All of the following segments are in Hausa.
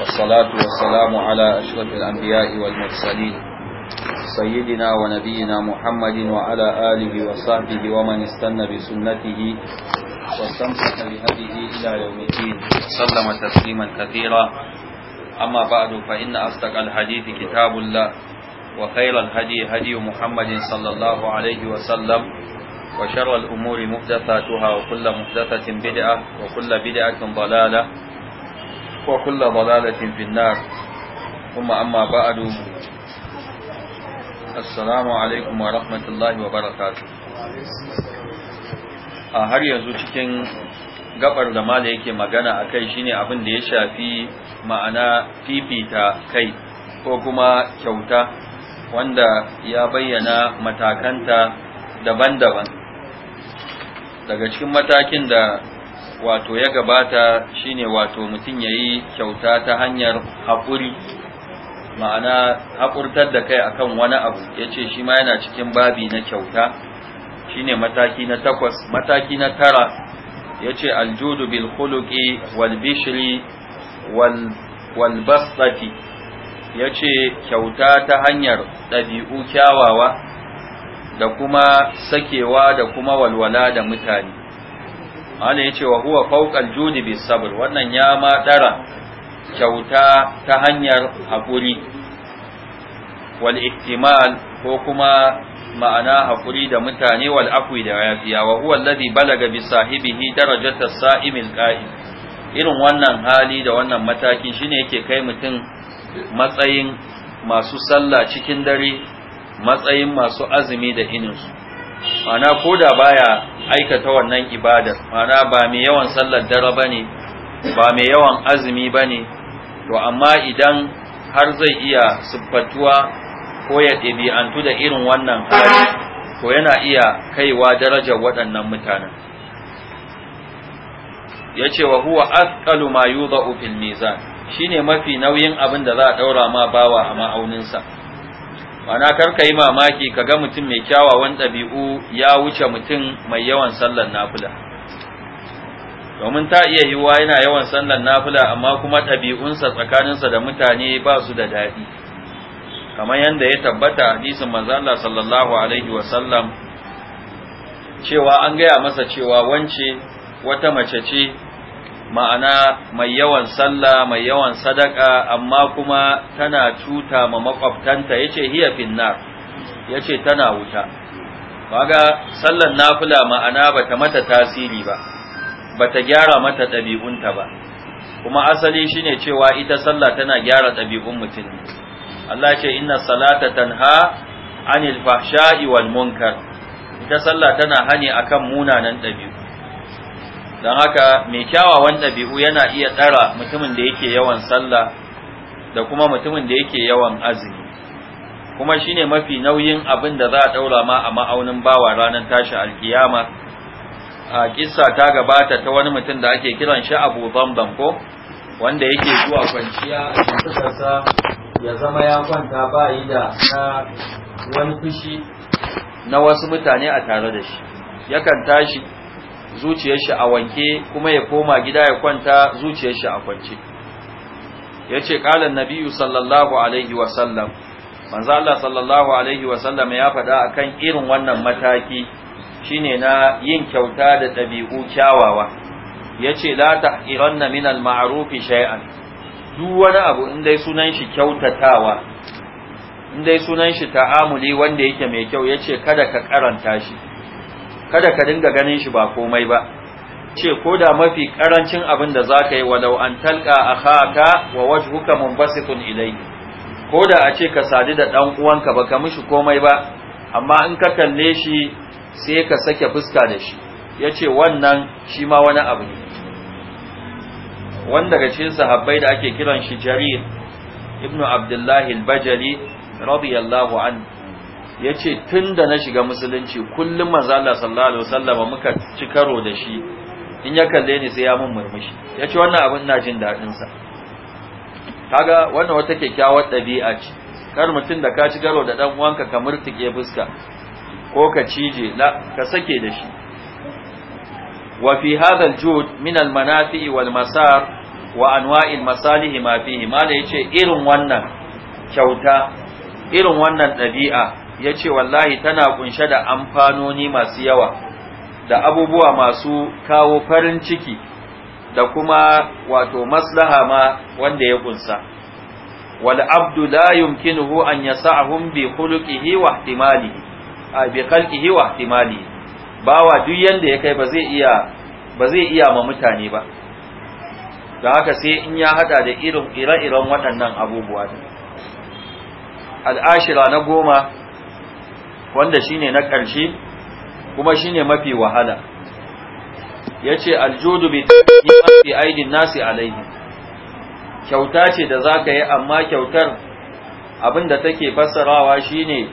والصلاة والسلام على أشرف الأنبياء والمرسلين سيدنا ونبينا محمد وعلى آله وصحبه ومن استنى بسنته واستمسك بهديه إلى يوم الدين سلم تسليما كثيرا أما بعد فإن أصدق الحديث كتاب الله وخير الهدي هدي محمد صلى الله عليه وسلم وشر الأمور محدثاتها وكل محدثة بدعة وكل بدعة ضلالة وكل ضلالة في النار ثم أما بعد السلام عليكم ورحمة الله وبركاته har yanzu cikin gabar da mala yake magana a kai shine abin da ya shafi ma'ana fifita kai ko kuma kyauta wanda ya bayyana matakanta daban-daban daga cikin matakin da wato ya gabata shine wato mutum yayi kyauta ta hanyar haƙuri ma'ana haƙurtar da kai akan wani abu yace shi ma yana cikin babi na kyauta shine mataki na takwas mataki na tara yace aljudu bil khuluqi wal bishri wal wal basati yace kyauta ta hanyar ɗabi'u kyawawa da kuma sakewa da kuma walwala da mutane ya yace wa huwa fawqal judi bis sabr wannan ya ma kyauta ta hanyar hakuri wal ihtimal ko kuma ma'ana hakuri da mutane wal afwi da yafiya wa huwa alladhi balaga bi sahibihi darajata sa'imil qa'im irin wannan hali da wannan matakin shine yake kai mutum matsayin masu sallah cikin dare matsayin masu azumi da ininsu mana ko da baya aikata wannan ibada. mana ba mai yawan sallar dare ba ne ba mai yawan azumi ba ne to amma idan har zai iya siffatuwa ko ya ɗabi'antu da irin wannan hali to yana iya kaiwa darajar waɗannan mutanen ya ce wa huwa asqalu ma yudha'u fil mizan shine mafi nauyin abin da za a daura ma bawa a ma'auninsa Bana kar ka yi mamaki ka ga mutum mai kyawawan ɗabi'u ya wuce mutum mai yawan sallar nafila domin ta iya yiwuwa yana yawan sallar nafila amma kuma ɗabi'unsa tsakaninsa da mutane ba su da daɗi kamar yadda ya tabbata hadisin manzo Allah sallallahu alaihi wa sallam cewa an gaya masa cewa wance wata mace ce ma'ana mai yawan sallah mai yawan sadaka amma kuma tana cuta ma makwabtanta yace hiya finnar yace tana wuta kaga sallan nafila ma'ana bata mata tasiri ba bata gyara mata ɗabi'unta ba kuma asali shine cewa ita sallah tana gyara ɗabi'un mutum Allah ce inna salata tanha anil fahsha'i wal munkar ita sallah tana hani akan munanan ɗabi'u don haka mai kyawawan ɗabi'u yana iya tsara mutumin da yake yawan sallah da kuma mutumin da yake yawan azumi kuma shine mafi nauyin abin da za a ɗaura ma a ma'aunin bawa ranar tashi alkiyama a kissa ta gabata ta wani mutum da ake kiran shi abu zamzam ko wanda yake zuwa kwanciya a ya zama ya kwanta ba yi da na wani fushi na wasu mutane a tare da shi yakan tashi zuciyar shi a wanke kuma ya koma gida ya kwanta zuciyar shi a kwance yace qala Nabiyu, sallallahu alaihi wa sallam manzo Allah sallallahu alaihi wa sallam ya faɗa akan irin wannan mataki shine na yin kyauta da ɗabi'u kyawawa yace la iranna min al-ma'ruf shay'an duk wani abu in dai sunan shi kyautatawa in dai sunan shi ta'amuli wanda yake mai kyau yace kada ka karanta shi kada ka dinga ganin shi ba komai ba ce ko da mafi karancin abin da za ka yi wa an talka a haka wa wajhuka munbasitun ilai ko da a ce ka sadu da ɗan uwanka ba ka mishi komai ba amma in ka kalle shi sai ka sake fuska da shi ya ce wannan shi ma wani abu ne wanda ga cikin sahabbai da ake kiran shi jarir ibnu abdullahi al-bajali radiyallahu anhu ya ce tun da na shiga musulunci kullum manzala sallallahu alaihi wasallama muka ci karo da shi in ya kalle ni sai ya mun murmushi ya ce wannan abin na jin daɗinsa kaga wannan wata kyakkyawar ɗabi'a ce kar mutum da ka ci karo da ɗan uwanka ka murtuke fuska ko ka cije la ka sake da shi wa fi hadha al-jud min al-manafi wal masar wa anwa'il masalih ma fihi ma da yace irin wannan kyauta irin wannan ɗabi'a ya ce wallahi tana kunshe da amfanoni masu yawa da abubuwa masu kawo farin ciki da kuma wato maslaha ma wanda ya kunsa wal abdu la yumkinuhu an yasa'hum bi khuluqihi wa ihtimalihi bi khalqihi wa ihtimalihi bawa duk yanda ya kai ba zai iya ba zai iya ma mutane ba da haka sai in ya hada da irin ire-iren waɗannan abubuwa al'ashira na goma wanda shine na ƙarshe kuma shine mafi wahala yace aljudu bi fi aidin nasi alaihi kyauta ce da zaka yi amma kyautar abinda take fassarawa shine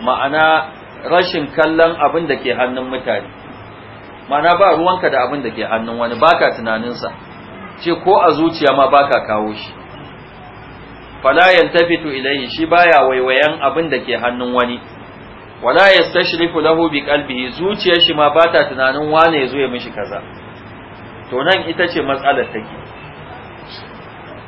ma'ana rashin kallon abin ke hannun mutane ma'ana ba ruwanka da abin da ke hannun wani baka tunaninsa ce ko a zuciya ma baka kawo shi fala yantafitu ilaihi shi baya waiwayen abin da ke hannun wani wala yastashrifu lahu bi qalbihi zuciyar shi ma ba ta tunanin wane yazo ya mishi kaza to nan ita ce matsalar take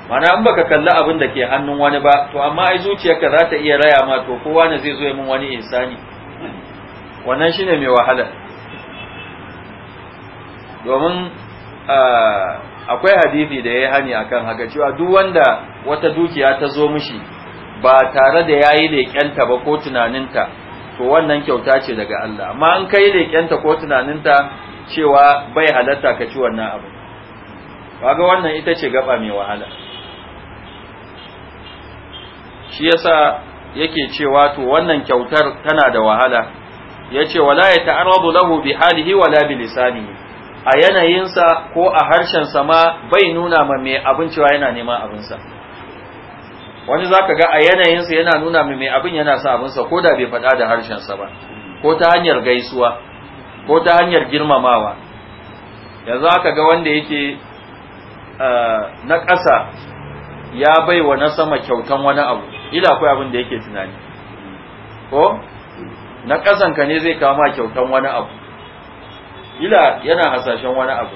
mana an baka kalli abin da ke hannun wani ba to amma ai zuciyarka za ta iya raya ma to kowa zai zo ya min wani insani wannan shine mai wahala domin akwai hadisi da ya hani akan haka cewa duk wanda wata dukiya ta zo mishi ba tare da yayi leƙenta ba ko tunaninta to wannan kyauta ce daga Allah amma an kai leƙenta ko tunaninta cewa bai halatta ka ci wannan abu kaga wannan ita ce gaba mai wahala shi yasa yake cewa to wannan kyautar tana da wahala yace wala ya ta'arradu lahu bi halihi wala bi lisanihi a yanayinsa ko a harshen sa ma bai nuna ma mai abin yana neman abinsa wani zaka ga a yanayinsa yana nuna mai mai abin yana sa abinsa ko da bai faɗa da harshensa ba ko ta hanyar gaisuwa ko ta hanyar girmamawa yanzu aka ga wanda yake na ƙasa ya bai wa na sama kyautan wani abu ila akwai abin da yake tunani ko na ƙasanka ne zai kama kyautan wani abu ila yana hasashen wani abu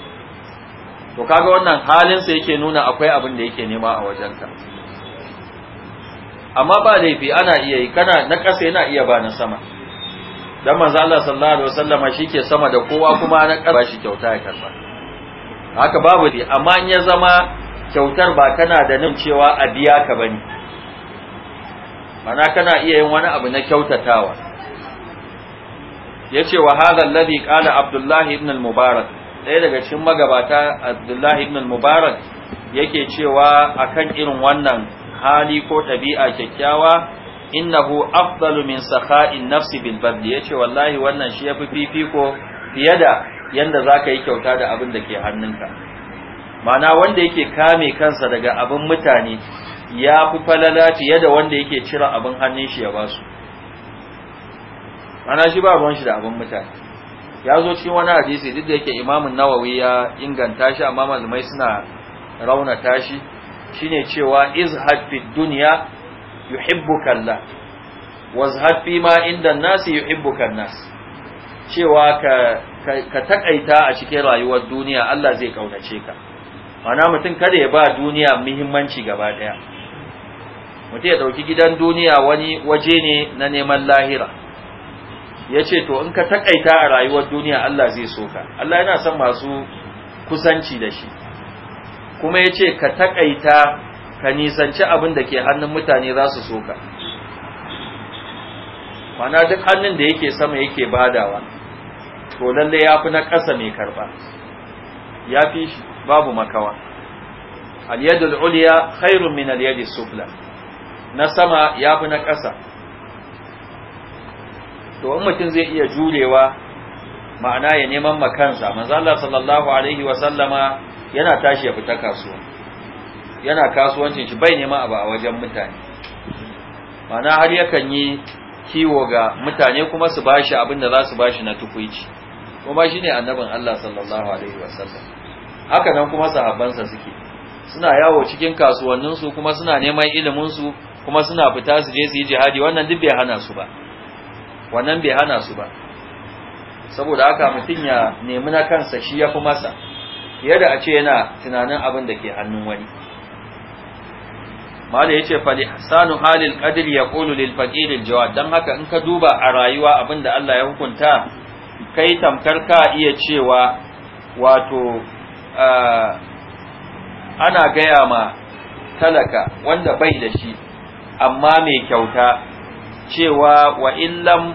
to kaga wannan halinsa yake nuna akwai abin da yake nema a wajenka amma ba laifi ana iya yi kana na ƙasa yana iya ba na sama dan manzo Allah sallallahu alaihi shi ke sama da kowa kuma na ƙasa shi kyauta ya karba haka babu dai amma in ya zama kyautar ba kana da nan cewa a biya ka bane mana kana iya yin wani abu na kyautatawa yace wa hadha alladhi qala Abdullahi ibn al-Mubarak ɗaya daga cikin magabata Abdullahi ibn al-Mubarak yake cewa akan irin wannan hali ko tabi'a kyakkyawa innahu afdalu min sakha'in nafsi bil badli yace wallahi wannan shi yafi fifiko fiye da yanda zaka yi kyauta da abin da ke hannunka mana wanda yake kame kansa daga abin mutane ya fi falala fiye da wanda yake cira abin hannun shi ya basu mana shi ba ruwan shi da abin mutane ya zo cikin wani hadisi duk da yake imamun nawawi ya inganta shi amma malamai suna raunata shi shine cewa izhad fi dunya yuhibbuka Allah wazhad fi ma inda nasi yuhibbuka nas cewa ka ka takaita a cikin rayuwar duniya Allah zai kaunace ka mana mutum kada ya ba duniya muhimmanci gaba daya mutum ya dauki gidan duniya wani waje ne na neman lahira ya ce to in ka takaita a rayuwar duniya Allah zai so ka Allah yana son masu kusanci da shi kuma ya ce ka taƙaita ka nisanci abin da ke hannun mutane za su soka mana duk hannun da yake sama yake badawa to lalle ya fi na ƙasa mai karɓa ya fi babu makawa aliyadul uliya khairun min aliyadi sufla na sama ya fi na ƙasa to in mutum zai iya jurewa ma'ana ya neman makansa manzo Allah sallallahu alaihi wa sallama yana tashi ya fita kasuwa yana kasuwancin shi bai nema abu a wajen mutane mana har yakan yi kiwo ga mutane kuma su bashi abin da za su bashi na tukuici kuma shine annabin Allah sallallahu alaihi wasallam haka nan kuma sahabbansa suke suna yawo cikin kasuwanninsu kuma suna neman ilimin su kuma suna fita su je su yi jihadi wannan duk bai hana su ba wannan bai hana su ba saboda haka mutum ya nemi na kansa shi ya fi masa fiye da a ce yana tunanin abin da ke hannun wani mala ya ce fali sanu halil qadir ya qulu lil faqiril jawad dan haka in ka duba a rayuwa abin da Allah ya hukunta kai tamkar ka iya cewa wato ana gaya ma talaka wanda bai da shi amma mai kyauta cewa wa illam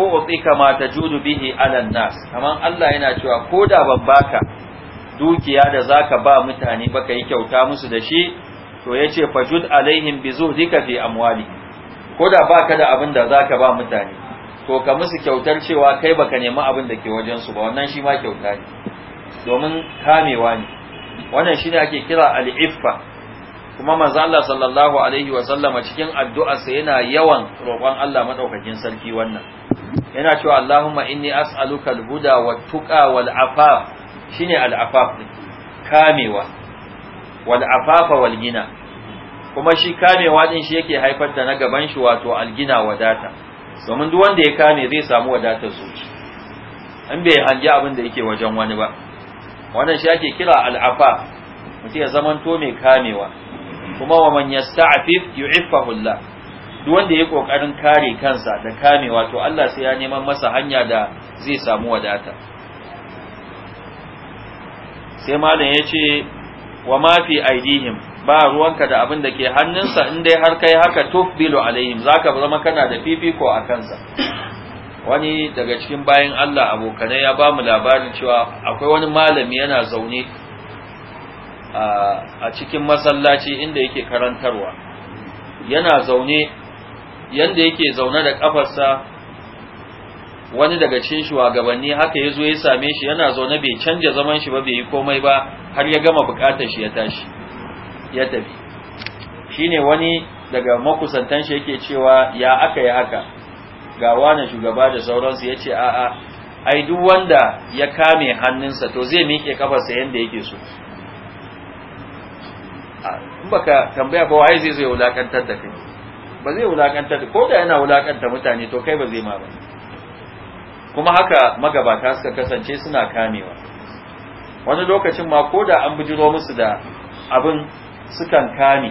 u'tika ma tajudu bihi anan nas kaman Allah yana cewa koda ban baka dukiya da zaka ba mutane baka yi kyauta musu da shi to yace fajud alaihim bi zuhdika fi amwali ko da ka da abin da zaka ba mutane to ka musu kyautar cewa kai baka nemi abin da ke wajen su ba wannan shi ma kyauta ne domin kamewa ne wannan shi ne ake kira al-iffa kuma manzo Allah sallallahu alaihi wa sallama cikin addu'arsa yana yawan roƙon Allah madaukakin sarki wannan yana cewa Allahumma inni as'aluka al-huda wat-tuqa wal-afaf shine al'afaf kamewa wal afafa wal gina kuma shi kamewa din shi yake haifar da na gaban shi wato algina wadata domin duk wanda ya kame zai samu wadatar zuci in bai hangi abin da yake wajen wani ba wannan shi ake kira al'afa mutum ya zamanto mai kamewa kuma wa man yasta'fif yu'iffahu Allah duk wanda ya kokarin kare kansa da kamewa to Allah sai ya neman masa hanya da zai samu wadata sai malam ya ce wa ma fi aidihim ba ruwanka da abin da ke hannunsa in dai har kai haka tufbilu alaihim ka zama kana da fifiko a kansa wani daga cikin bayan Allah abokanai ya ba mu labarin cewa akwai wani malami yana zaune a cikin masallaci inda yake karantarwa yana zaune yanda yake zaune da kafarsa wani daga cikin shugabanni haka ya zo ya same shi yana zaune bai canja zaman shi ba bai yi komai ba har ya gama bukatar shi ya tashi ya tafi shine wani daga makusantan shi yake cewa ya aka ya haka ga wani shugaba da sauransu ya ce a'a ai duk wanda ya kame hannunsa to zai miƙe kafarsa yadda yake so in baka tambaya ba wai zai zo ya wulakantar da kai ba zai wulakantar ko da yana wulakanta mutane to kai ba zai ma ba kuma haka magabata suka kasance suna kamewa wani lokacin ma ko da an bijiro musu da abin sukan kame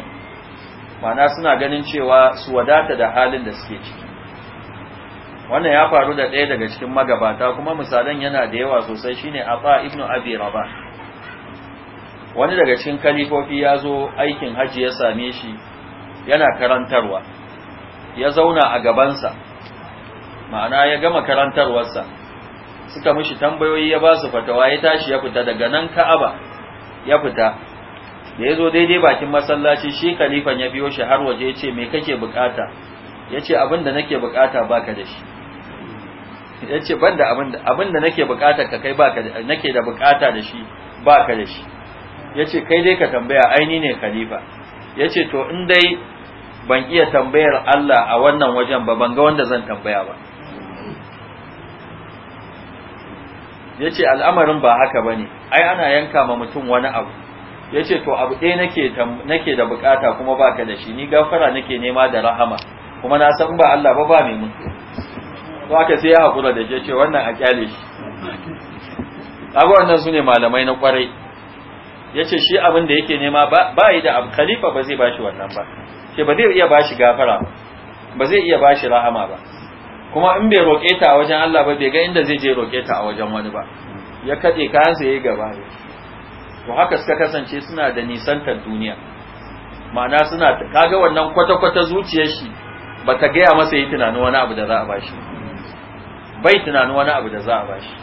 mana suna ganin cewa su wadata da halin da suke ciki wannan ya faru da ɗaya daga cikin magabata kuma misalan yana da yawa sosai shine Abba ibn Abi Rabah wani daga cikin kalifofi ya zo aikin haji ya same shi yana karantarwa ya zauna a gabansa ma'ana ya gama karantarwarsa suka mishi tambayoyi ya ba su fatawa ya tashi ya fita daga nan ka'aba ya fita da ya zo daidai bakin masallaci shi khalifan ya biyo shi har waje ya ce me kake bukata ya ce abin da nake bukata ka da shi ya ce ban da abin da nake bukata ka kai da nake da bukata da shi ba ka da shi ya ce kai dai ka tambaya aini ne khalifa ya ce to in dai ban iya tambayar Allah a wannan wajen ba ban ga wanda zan tambaya ba yace al'amarin ba haka bane ai ana yanka ma mutum wani abu yace to abu ɗaya nake nake da bukata kuma baka da shi ni gafara nake nema da rahama kuma na san ba Allah ba ba mai mun to aka sai ya hakura da shi ce wannan a kyale shi Abu wannan sune malamai na kwarai yace shi abin da yake nema ba yi da abu. khalifa ba zai bashi wannan ba ce ba zai iya bashi gafara ba zai iya bashi rahama ba kuma in bai roƙe ta a wajen Allah ba bai ga inda zai je roƙe ta a wajen wani ba ya kaɗe kayansa ya yi gaba to haka suka kasance suna da nisantar duniya ma'ana suna kaga wannan kwata-kwata zuciyar shi ba ta gaya masa yi tunanin wani abu da za a ba shi bai tunanin wani abu da za a ba shi.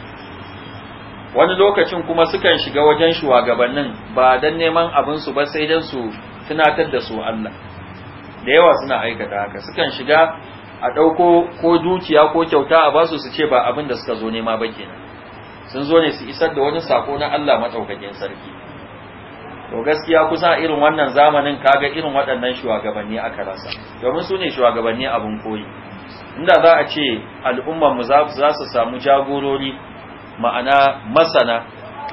wani lokacin kuma sukan shiga wajen shugabannin ba don neman abinsu ba sai dan su tunatar da su Allah da yawa suna aikata haka sukan shiga a ɗauko ko dukiya ko kyauta a basu su ce ba abin da suka zo nema ba kenan sun zo ne su isar da wani sako na Allah maɗaukakin sarki to gaskiya kusa irin wannan zamanin kaga irin waɗannan shugabanni aka rasa domin su ne shugabanni abin koyi inda za a ce mu za su samu jagorori ma'ana masana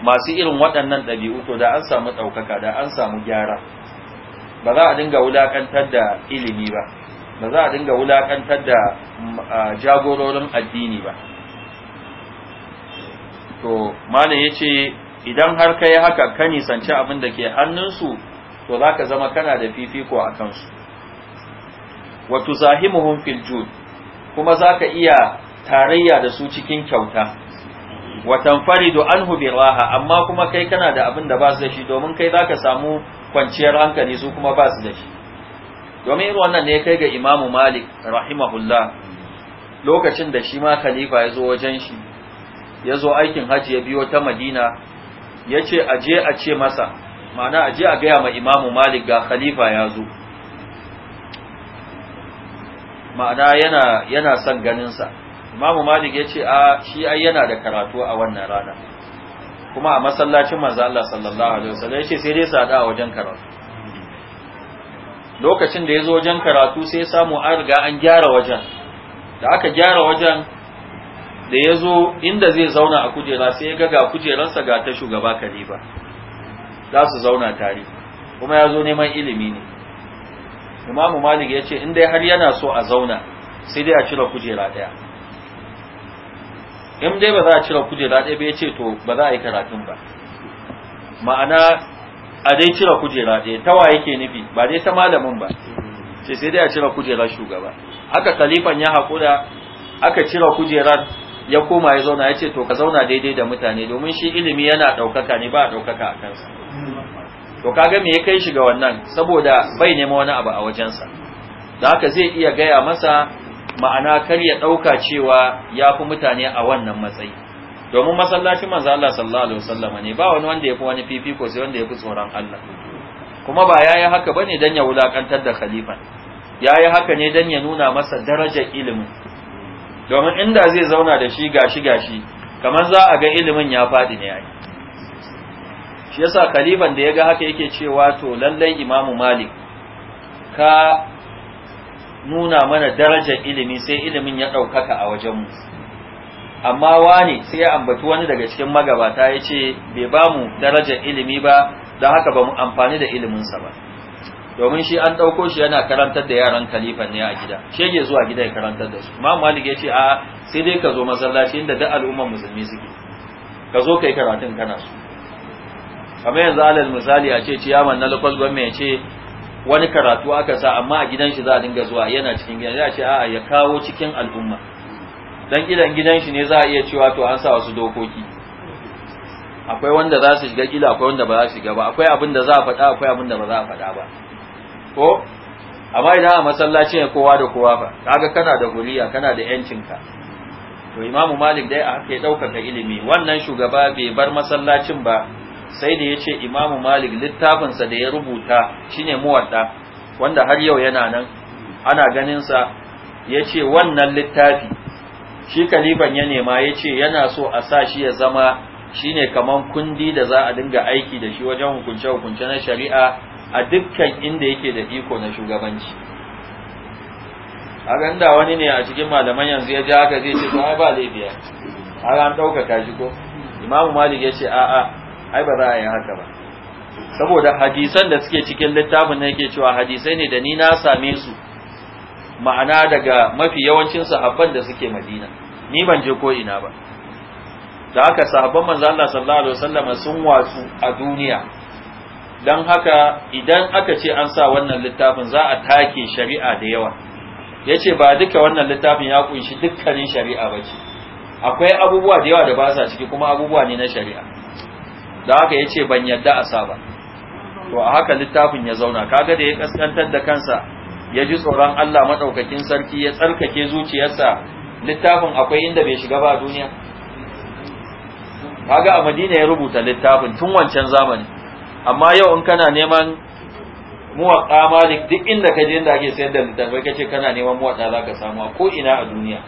masu irin waɗannan ɗabi'u to da an samu ɗaukaka da an samu gyara ba za a dinga wulakantar da ilimi ba ba za a dinga wulakantar da mm, jagororin addini ba to malam ya ce idan har ka yi haka ka nisanci abin da ke hannunsu to za ka zama kana da fifiko a kansu wato zahimuhun filjud kuma za ka iya tarayya da su cikin kyauta watan faridu anhu raha amma kuma kai kana da abin da ba su da shi domin kai za ka samu kwanciyar hankali su kuma ba su da shi domin irin wannan ne kai ga imamu malik rahimahullah lokacin da shi ma khalifa ya zo wajen shi ya zo aikin hajji ya biyo ta madina ya ce aje a ce masa ma'ana aje a gaya ma imamu malik ga khalifa ya zo ma'ana yana yana son ganinsa imamu malik ya ce a shi ai yana da karatu a wannan rana kuma a masallacin manzo Allah sallallahu alaihi wasallam ya ce sai dai su a wajen karatu lokacin da ya zo wajen karatu sai ya samu an riga an gyara wajen da aka gyara wajen da ya zo inda zai zauna a kujera sai ya ga kujerarsa ga ta shugaba kalifa za su zauna tare kuma ya zo neman ilimi ne imamu malik ya ce inda har yana so a zauna sai dai a cire kujera ɗaya in dai ba za a cire kujera ɗaya ba ya ce to ba za a yi karatun ba ma'ana a dai cire kujera ɗaya tawa yake nufi ba dai ta malamin ba sai sai dai a cire kujerar shugaba haka kalifan ya hakura aka cire kujerar ya koma ya zauna ya ce to ka zauna daidai da mutane domin shi ilimi yana ɗaukaka ne ba a ɗaukaka a kansa to kaga me ya kai shi ga wannan saboda bai nema wani abu a wajensa da haka zai iya gaya masa ma'ana kar ya ɗauka cewa ya fi mutane a wannan matsayi domin masallacin manzo Allah sallallahu alaihi wasallam ne ba wani wanda yafi wani fifiko sai wanda yafi tsoron Allah kuma ba yayi haka bane dan ya wulakantar da khalifa yayi haka ne dan ya nuna masa darajar ilimin domin inda zai zauna da shi gashi gashi kamar za a ga ilimin ya fadi ne yayi shi yasa Khalifan da yaga haka yake cewa to lallai imamu malik ka nuna mana darajar ilimi sai ilimin ya ɗaukaka a wajenmu amma wani sai ya ambaci wani daga cikin magabata ya ce bai ba mu darajar ilimi ba don haka ba mu amfani da iliminsa ba domin shi an ɗauko shi yana karantar da yaran kalifan ne a gida shi ya zuwa gida ya karantar da su ma malik ya ce a sai dai ka zo masallaci inda da al'ummar musulmi suke ka zo kai karatun kana su kamar yanzu alal misali a ce ciyaman na lokal gwamna ya ce wani karatu aka sa amma a gidan shi za a dinga zuwa yana cikin gida. ya ce a'a ya kawo cikin al'umma dan gidan gidan shi ne za a iya cewa to an sa wasu dokoki akwai wanda za su shiga gida, akwai wanda ba za su shiga ba akwai abin da za a faɗa akwai abin da ba za a faɗa ba ko amma idan a masallaci ne kowa da kowa ba kaga kana da huriya kana da ka to imamu malik dai a haka ya ɗaukaka ilimi wannan shugaba bai bar masallacin ba sai da ya ce imamu malik littafinsa da ya rubuta shine muwadda wanda har yau yana nan ana ganinsa ya ce wannan littafi shi Khalifan ya nema ya ce yana so a sa shi ya zama shine kamar kundi da za a dinga aiki da shi wajen hukunce-hukunce na shari'a a dukkan inda yake da iko na shugabanci a ganda wani ne a cikin malaman yanzu ya ji haka zai ce ba ba laifiya har an ɗaukaka shi ko imamu malik ya ce a'a ai ba za a yi haka ba saboda hadisan da suke cikin littafin na yake cewa hadisai ne da ni na same su ma'ana daga mafi yawancin sahabban da suke madina ni ban je ko ina ba da haka sahabban manzo Allah sallallahu alaihi wasallam sun watsu a duniya dan haka idan aka ce an sa wannan littafin za a take shari'a da yawa yace ba duka wannan littafin ya kunshi dukkanin shari'a ba ce. akwai abubuwa da yawa da ba sa ciki kuma abubuwa ne na shari'a da haka yace ban yadda a sa ba to a haka littafin ya zauna kaga da ya kaskantar da kansa ya ji tsoron Allah maɗaukakin sarki ya tsarkake zuciyarsa littafin akwai inda bai shiga ba a duniya kaga a Madina ya rubuta littafin tun wancan zamani amma yau in kana neman muwaƙa malik duk inda ka je inda ake sayar da littafai ka ce kana neman muwaƙa za ka samu a ko ina a duniya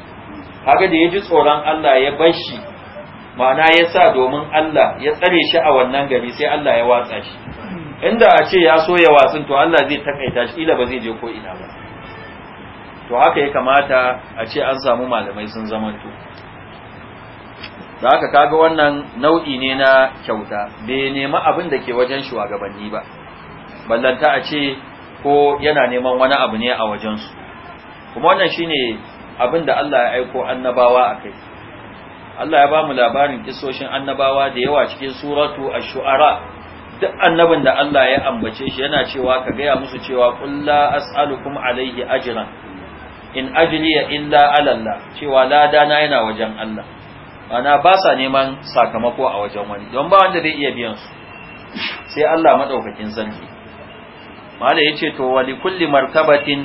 kaga da ya ji tsoron Allah ya bar shi ma'ana ya sa domin Allah ya tsare shi a wannan gari sai Allah ya watsa shi inda a ce ya so ya watsin to Allah zai takaita shi ila ba zai je ko ina ba to haka ya kamata a ce an samu malamai sun zamanto da haka kaga wannan nau'i ne na kyauta bai nemi abin da ke wajen shugabanni ba ballanta a ce ko yana neman wani abu ne a wajensu kuma wannan shine abin da Allah ya aiko annabawa a kai Allah ya ba mu labarin kisoshin annabawa da yawa cikin suratu ash-shu'ara duk annabin da Allah ya ambace shi yana cewa ka gaya musu cewa kulla la as'alukum alayhi ajran in ajliya illa ala Allah cewa lada na yana wajen Allah ana ba sa neman sakamako a wajen wani don ba wanda zai iya biyan su sai Allah madaukakin sarki mala yace to wa likulli martabatin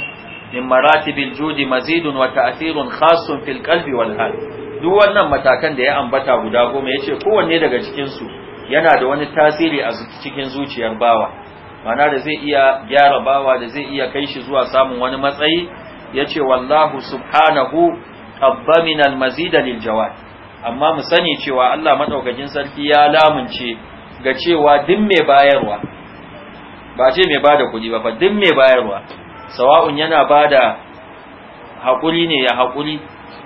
min maratibil judi mazidun wa ta'thirun khassun fil qalbi wal hal duk wannan matakan da ya ambata guda goma yace kowanne daga cikin su yana da wani tasiri a cikin zuciyar bawa mana da zai iya gyara bawa da zai iya kai shi zuwa samun wani matsayi ya ce wallahu subhanahu qabbamina almazida lil jawad amma mu sani cewa Allah madaukakin sarki ya lamunce ga cewa duk mai bayarwa ba ce mai bada kuɗi ba fa duk mai bayarwa sawa'un yana bada haƙuri ne ya haƙuri?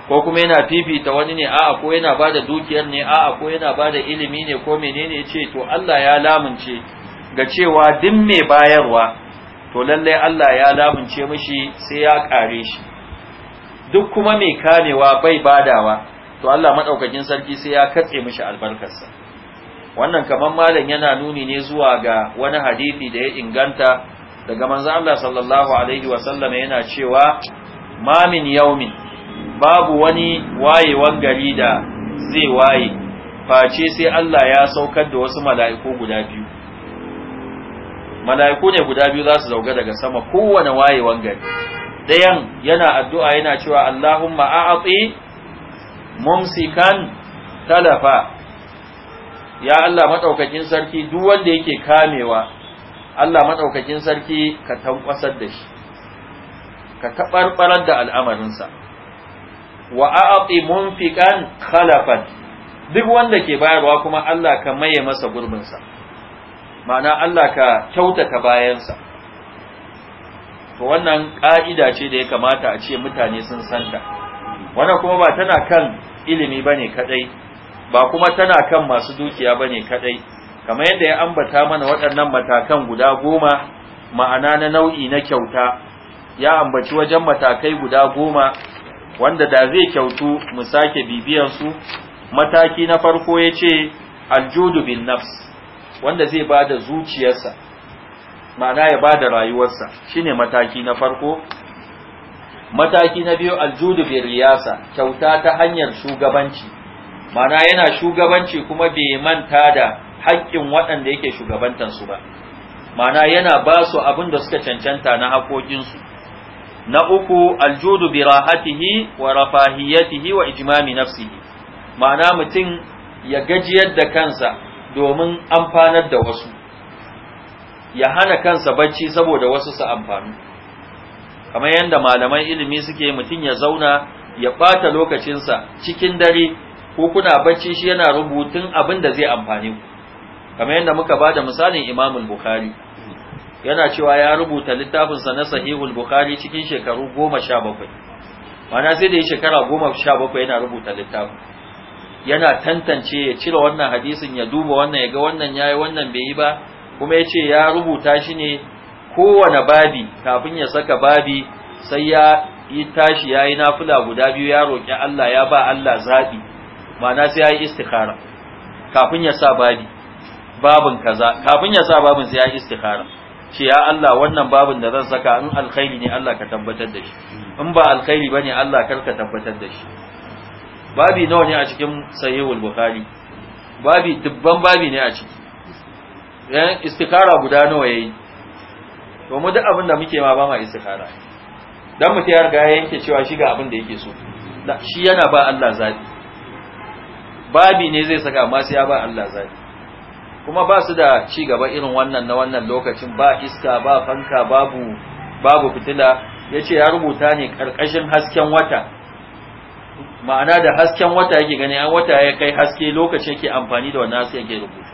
ko kuma yana fifita wani ne a'a ko yana bada dukiyar ne a'a ko yana bada ilimi ne ko menene yace to Allah ya lamunce ga cewa din mai bayarwa to lalle Allah ya lamunce mishi sai ya kare shi duk kuma mai kamewa bai badawa to Allah madaukakin sarki sai ya katse mishi albarkarsa wannan kamar malam yana nuni ne zuwa ga wani hadisi da ya inganta daga manzo Allah sallallahu alaihi wa yana cewa ma min yaumin babu wani wayewan gari da zai waye face sai Allah ya saukar da wasu mala'iku guda biyu mala'iku ne guda biyu za su zauga daga sama kowane wayewan gari dayan yana addu'a yana cewa Allahumma a'ati mumsikan talafa ya Allah madaukakin sarki duk wanda yake kamewa Allah madaukakin sarki ka tankwasar da shi ka tabarbarar da al'amarinsa wa a'ti munfiqan khalafan duk wanda ke bayarwa kuma Allah ka maye masa gurbinsa ma'ana Allah ka kyautata bayansa to wannan ka'ida ce da ya kamata a ce mutane sun san ta. wannan kuma ba tana kan ilimi bane kadai ba kuma tana kan masu dukiya bane kadai kamar yadda ya ambata mana waɗannan matakan guda goma ma'ana na nau'i na kyauta ya ambaci wajen matakai guda goma wanda da zai kyautu mu sake bibiyan su mataki na farko ya ce aljudu bin nafs wanda zai ba da zuciyarsa ma'ana ya ba da rayuwarsa shine mataki na farko mataki na biyu aljudu bin riyasa kyauta ta hanyar shugabanci ma'ana yana shugabanci kuma bai manta da haƙƙin waɗanda yake shugabantansu ba ma'ana yana ba su abin da suka cancanta na haƙoƙinsu na uku aljudu bi rahatihi wa rafahiyatihi wa ijmami nafsihi ma'ana mutum ya gajiyar da kansa domin amfanar da wasu ya hana kansa bacci saboda wasu su amfanu kamar yadda malaman ilimi suke mutum ya zauna ya ɓata lokacinsa cikin dare ko kuna bacci shi yana rubutun abin da zai amfane ku kamar yadda muka bada misalin imamul bukhari yana cewa ya rubuta littafinsa na sahihul bukhari cikin shekaru goma sha bakwai mana sai da ya shekara goma sha bakwai yana rubuta littafin yana tantance ya cire wannan hadisin ya duba wannan ya ga wannan ya yi wannan bai yi ba kuma ya ce ya rubuta shi ne kowane babi kafin ya saka babi sai ya yi tashi ya yi nafula guda biyu ya roƙi Allah ya ba Allah zaɓi mana sai ya yi istikhara kafin ya sa babi babin kaza kafin ya sa babin sai ya yi istikhara ce ya Allah wannan babin da zan saka in alkhairi ne Allah ka tabbatar da shi in ba alkhairi bane Allah kar ka tabbatar da shi babi nawa ne a cikin sahihul bukhari babi dubban babi ne a ciki yan istikara guda nawa yayi to mu duk abin da muke ma ba ma istikara dan mutum ya ga yake cewa shi ga abin da yake so shi yana ba Allah zabi babi ne zai saka amma sai ya ba Allah zabi kuma ba su da ci gaba irin wannan na wannan lokacin ba iska ba fanka babu babu fitila yace ya rubuta ne karkashin hasken wata ma'ana da hasken wata yake gani an wata ya kai haske lokacin yake amfani da wannan hasken yake rubuta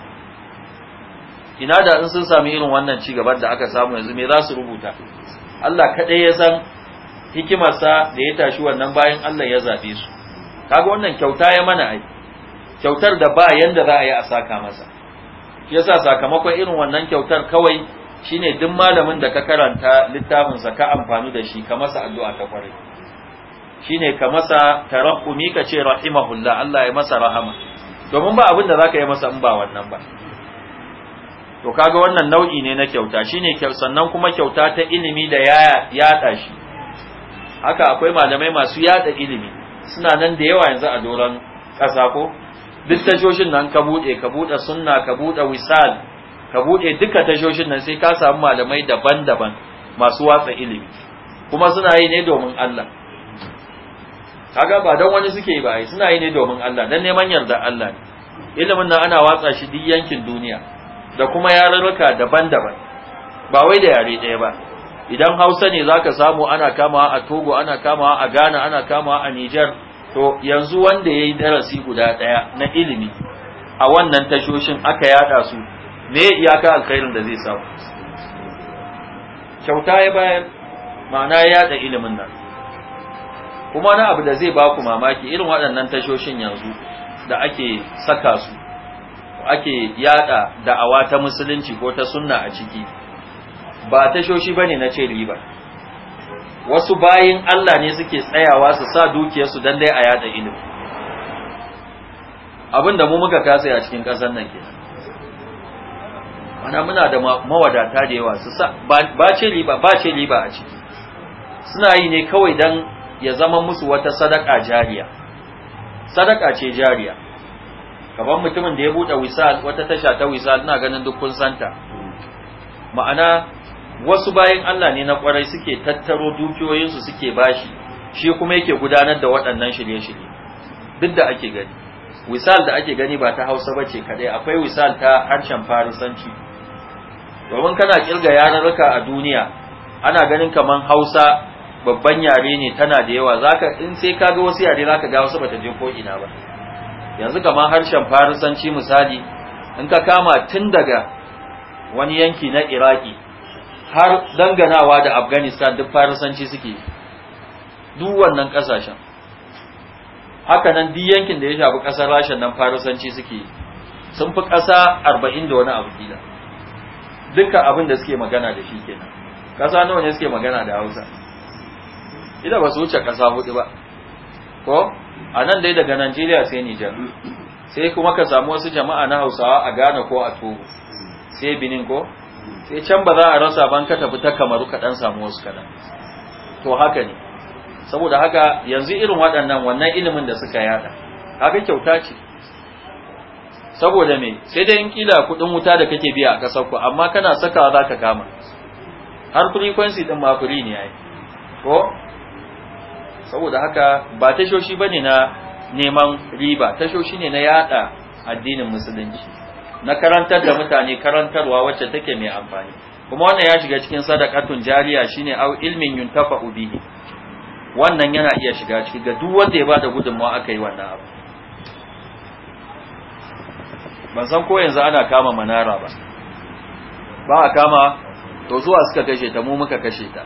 ina da in sun sami irin wannan ci gaban da aka samu yanzu me za su rubuta Allah kadai ya san hikimarsa da ya tashi wannan bayan Allah ya zabe su kaga wannan kyauta ya mana ai kyautar da ba yanda za a yi a saka masa yasa sakamakon irin wannan kyautar kawai shine duk malamin da ka karanta littafinsa ka amfani da shi ka masa addu'a ta kware shine ka masa tarahumi ka ce rahimahullah Allah ya masa rahama domin ba abin da zaka yi masa in ba wannan ba to kaga wannan nau'i ne na kyauta shine sannan kuma kyauta ta ilimi da ya yada shi haka akwai malamai masu yada ilimi suna nan da yawa yanzu a doron ƙasa ko duk tashoshin nan ka buɗe ka buɗe sunna ka buɗe wisal ka buɗe duka tashoshin nan sai ka samu malamai daban-daban masu watsa ilimi kuma suna yi ne domin Allah kaga ba don wani suke yi ba suna yi ne domin Allah dan neman yarda Allah ne ilimin nan ana watsa shi duk yankin duniya da kuma yarurruka daban-daban ba wai da yare ɗaya ba idan hausa ne zaka samu ana kamawa a togo ana kamawa a ghana ana kamawa a niger to yanzu wanda ya yi darasi guda ɗaya na ilimi a wannan tashoshin aka yada su me iyaka alkhairin da zai samu kyauta ya bayan ma'ana ya yada ilimin nan kuma na abu da zai baku mamaki irin waɗannan tashoshin yanzu da ake saka su ake yada da'awa ta musulunci ko ta sunna a ciki ba tashoshi bane na ce riba wasu bayin Allah ne suke tsayawa su sa dukiyarsu don dai a yada ilimi abin da mu muka kasa a cikin ƙasar nan ke mana muna da mawadata da yawa su sa ba ce riba ba ce riba a ciki suna yi ne kawai don ya zama musu wata sadaka jariya sadaka ce jariya kamar mutumin da ya buɗe wata tasha ta wisal ina ganin duk kun santa ma'ana wasu bayan Allah ne na kwarai suke tattaro dukiyoyinsu suke bashi shi kuma yake gudanar da waɗannan shirye-shirye duk da ake gani wisal da ake gani ba ta hausa ba ce kadai akwai wisal ta harshen farisanci domin kana kirga yararruka a duniya ana ganin kamar hausa babban yare ne tana da yawa zaka in sai ka ga wasu yare zaka ga wasu bata je ko ina ba yanzu kamar harshen farisanci misali in ka kama tun daga wani yanki na iraki har danganawa da afghanistan duk farisanci suke duk wannan kasashen haka nan duk yankin da ya shafi kasar rashin nan farisanci suke sun fi kasa arba'in da wani abu kila duka abin da suke magana da shi kenan kasa nawa ne suke magana da hausa ita ba su wuce kasa hudu ba ko a nan dai daga najeriya sai nijar sai kuma ka samu wasu jama'a na hausawa a ghana ko a togo sai benin ko sai can ba za a rasa ban ka tafi ta kamaru ka dan samu wasu kadan to haka ne saboda haka yanzu irin waɗannan wannan ilimin da suka yada haka kyauta ce saboda me sai dai in kila kuɗin wuta da kake biya a ƙasar ku amma kana sakawa za ka kama har frequency din ma free ne yayi ko saboda haka ba tashoshi bane na neman riba tashoshi ne na yada addinin musulunci na karantar da mutane karantarwa wacce take mai amfani kuma wannan ya shiga cikin sadaqatun jariya shine au ilmin yuntafa bihi wannan yana iya shiga ciki ga duk wanda ya bada gudunmawa aka yi wannan abu ban san ko yanzu ana kama manara ba ba a kama to zuwa suka kashe ta mu muka kashe ta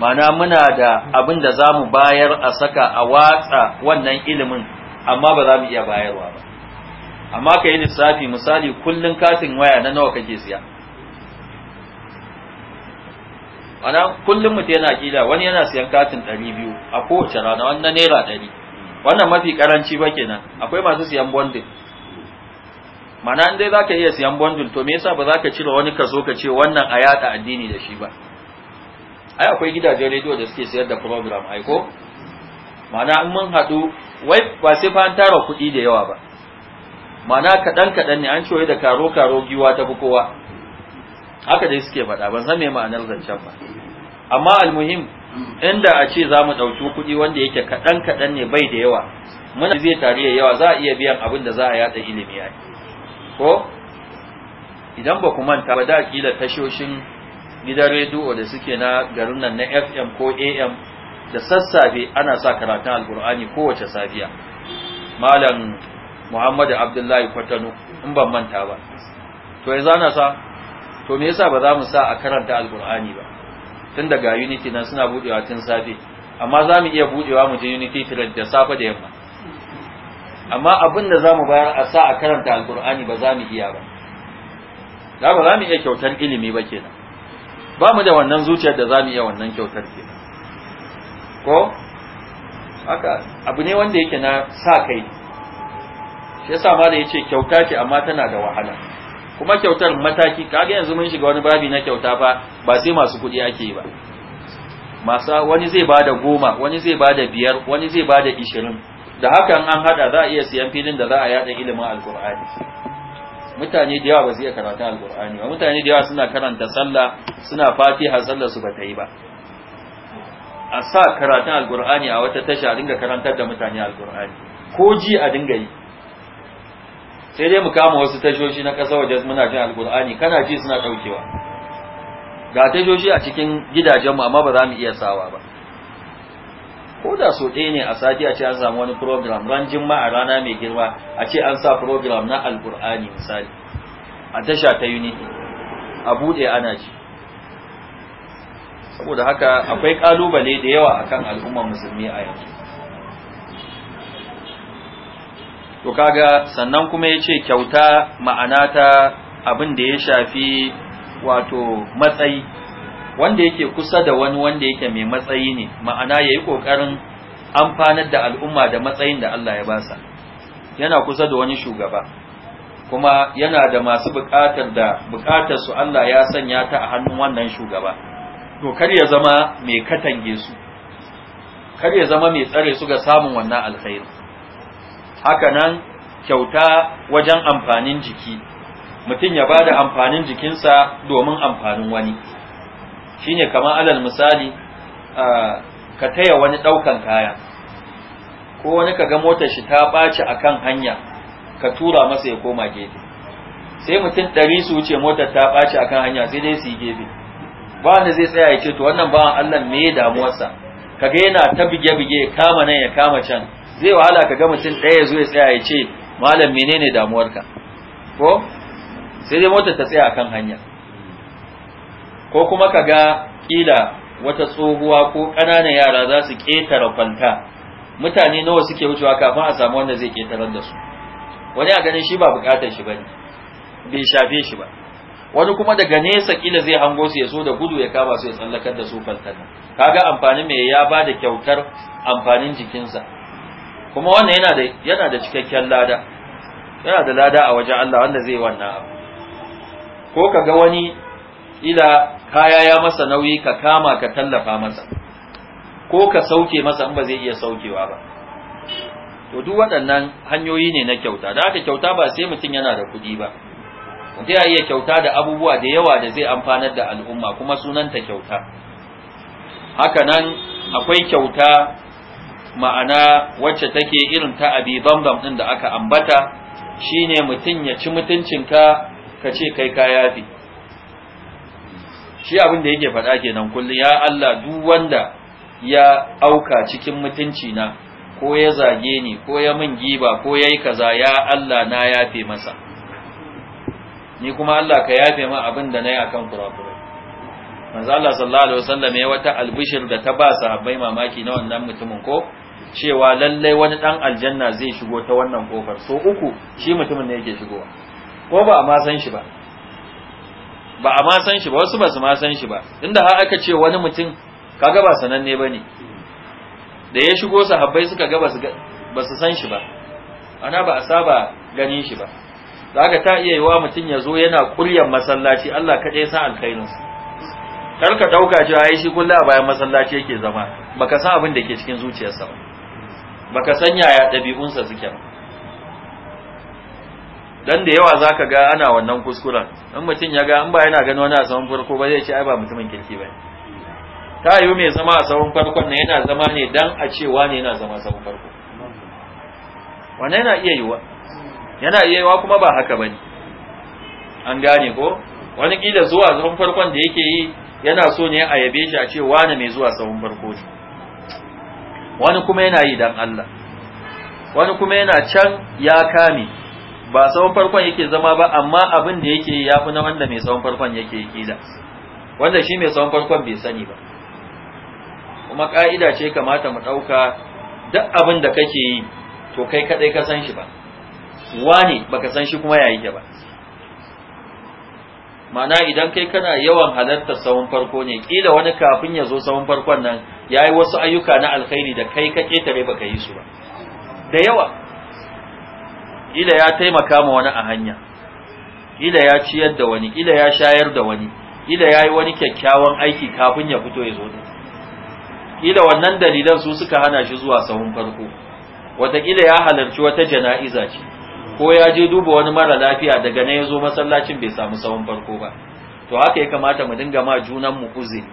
mana muna da abin da za mu bayar a saka a watsa wannan ilimin amma ba za mu iya bayarwa ba amma ka yi lissafi misali kullun katin waya na nawa kake siya ana kullum mutum yana kila wani yana siyan katin ɗari biyu a kowace rana na naira ɗari wannan mafi karanci ba kenan akwai masu siyan bondin mana in dai za ka iya siyan bondin to me yasa ba za ka cire wani kaso ka ce wannan a yada addini da shi ba ai akwai gidajen rediyo da suke siyar da program ai ko mana in mun haɗu wai ba sai fa an tara kuɗi da yawa ba mana kaɗan kaɗan ne an coye da karo karo giwa ta fi kowa haka dai suke faɗa ban san me ma'anar zancen ba amma almuhim inda a ce za mu ɗauki kuɗi wanda yake kaɗan kaɗan ne bai da yawa muna zai tare yawa za a iya biyan abin da za a yaɗa ilimi a ko idan ba ku manta ba da kila tashoshin gidan rediyo da suke na garin nan na fm ko am da sassafe ana sa karatun alkur'ani kowace safiya malam muhammadu abdullahi kwatano in ban manta ba to ya zana sa to me yasa ba za mu sa a karanta alkur'ani ba tun daga unity nan suna budewa tun safe amma za mu iya budewa mu je unity thread da safe da yamma amma abin da za mu bayar a sa a karanta alkur'ani ba za mu iya ba Za ba za mu iya kyautar ilimi ba kenan ba mu da wannan zuciyar da za mu iya wannan kyautar kenan ko haka abu ne wanda yake na sa kai shi yasa ma da yace kyauta ce amma tana da wahala kuma kyautar mataki kaga yanzu mun shiga wani babi na kyauta fa ba sai masu kuɗi ake yi ba masa wani zai bada goma wani zai bada biyar wani zai da ishirin da hakan an hada za a iya siyan filin da za a yada ilimin alkur'ani mutane da yawa ba zai iya alkur'ani ba mutane da yawa suna karanta sallah suna fatiha sallah su bata yi ba a sa karatun alkur'ani a wata tasha a dinga karantar da mutane alkur'ani ko ji a dinga yi sai dai mu kama wasu tashoshi na ƙasa waje muna jin alkur'ani kana ji suna ɗaukewa ga tashoshi a cikin gidajenmu amma ba za mu iya sawa ba ko da so ɗaya ne a sati a ce an samu wani program ran jimma a rana mai girma a ce an sa program na alkur'ani misali a tasha ta unity a buɗe ana ji saboda haka akwai ƙalubale da yawa akan al'ummar musulmi a yanzu to kaga sannan kuma ya ce kyauta ma'ana ta abin da ya shafi wato matsayi wanda yake kusa da wani wanda yake mai matsayi ne ma'ana ya yi ƙoƙarin amfanar da al'umma da matsayin da Allah ya basa yana kusa da wani shugaba kuma yana da masu buƙatar da buƙatar su Allah ya sanya ta a hannun wannan shugaba to kar ya zama mai katange su kar ya zama mai tsare su ga samun wannan alkhairi haka nan kyauta wajen amfanin jiki mutum ya bada amfanin jikinsa domin amfanin wani shine kamar alal misali ka taya wani ɗaukan kaya ko wani ga motar shi ta ɓaci a kan hanya ka tura masa ya koma gefe sai mutum ɗari su wuce motar ta ɓaci a kan hanya sai dai su yi gefe ba wanda zai tsaya ya ce to wannan bawan allah me damuwarsa Ka ga yana ta bige-bige kama nan ya kama can zai wahala ka ga mutum ɗaya ya zo ya tsaya ya ce malam menene damuwarka ko sai dai motar ta tsaya akan hanya ko kuma ka ga kila wata tsohuwa ko ƙananan yara za su ƙetare kwanta mutane nawa suke wucewa kafin a samu wanda zai ƙetare da su wani a ganin shi ba buƙatar shi ba ne bai shafe shi ba wani kuma daga nesa kila zai hango su ya so da gudu ya kama su ya tsallakar da su kwantar kaga amfanin mai ya ba da kyautar amfanin jikinsa kuma wannan yana da yana da cikakken lada yana da lada a wajen Allah wanda zai wannan abu ko ka ga wani ila kaya ya masa nauyi ka kama ka tallafa masa ko ka sauke masa in ba zai iya saukewa ba to duk waɗannan hanyoyi ne na kyauta da aka kyauta ba sai mutum yana da kuɗi ba mutum ya iya kyauta da abubuwa da yawa da zai amfanar da al'umma kuma sunanta kyauta haka nan akwai kyauta ma'ana wacce take irin ta abi bambam din da aka ambata shine mutum ya ci mutuncin ka ce kai ka yafi shi abin da yake faɗa kenan kullum ya Allah duk wanda ya auka cikin mutunci na ko ya zage ni ko ya min giba ko yayi kaza ya Allah na yafe masa ni kuma Allah ka yafe min abin da nayi akan kurakurai manzo Allah sallallahu alaihi wasallam ya wata albishir da ta ba sahabbai mamaki na wannan mutumin ko cewa lallai wani dan aljanna zai shigo ta wannan kofar so uku shi mutumin ne yake shigowa ko ba a ma san shi ba ba a ma san shi ba wasu ba su ma san shi ba inda har aka ce wani mutum kaga ba sananne bane da ya shigo sahabbai suka ga ba su san shi ba ana ba a saba ganin shi ba zaka ta iya yiwa mutum ya zo yana kuryan masallaci Allah ya sa alkhairinsa kar ka dauka cewa ai shi kullu a bayan masallaci yake zama baka san abin da ke cikin zuciyarsa ba baka san yaya ɗabi'unsa suke ba dan da yawa zaka ga ana wannan kuskuren in mutum ya ga in ba yana gani wani a saman farko ba zai ce ai ba mutumin kirki ba ta yiwu mai zama a saman farkon na yana zama ne dan a cewa ne yana zama saman farko wannan yana iya yiwa yana iya yiwa kuma ba haka bane an gane ko wani kila zuwa saman farkon da yake yi yana so ne a yabe shi a ce wani mai zuwa saman farko ne wani kuma yana yi dan Allah wani kuma yana can ya kame ba tsawon farkon yake zama ba amma abin da yake ya fi na wanda mai tsawon farkon yake yi kila wanda shi mai tsawon farkon bai sani ba kuma ka'ida ce kamata mu ɗauka duk abin da kake yi to kai kaɗai ka san shi ba wane baka san shi kuma yayi ba ma'ana idan kai kana yawan halartar tsawon farko ne kila wani kafin ya zo tsawon farkon nan ya yi wasu ayyuka na alkhairi da kai ka ƙetare baka yi su ba da yawa ila ya taimaka ma wani a hanya ila ya ciyar da wani ila ya shayar da wani ila ya yi wani kyakkyawan aiki kafin ya fito ya zo da ila wannan dalilan su suka hana shi zuwa sahun farko wataƙila ya halarci wata jana'iza ce ko ya je duba wani mara lafiya daga na ya zo masallacin bai samu sahun farko ba to haka ya kamata mu dinga ma junanmu uzuri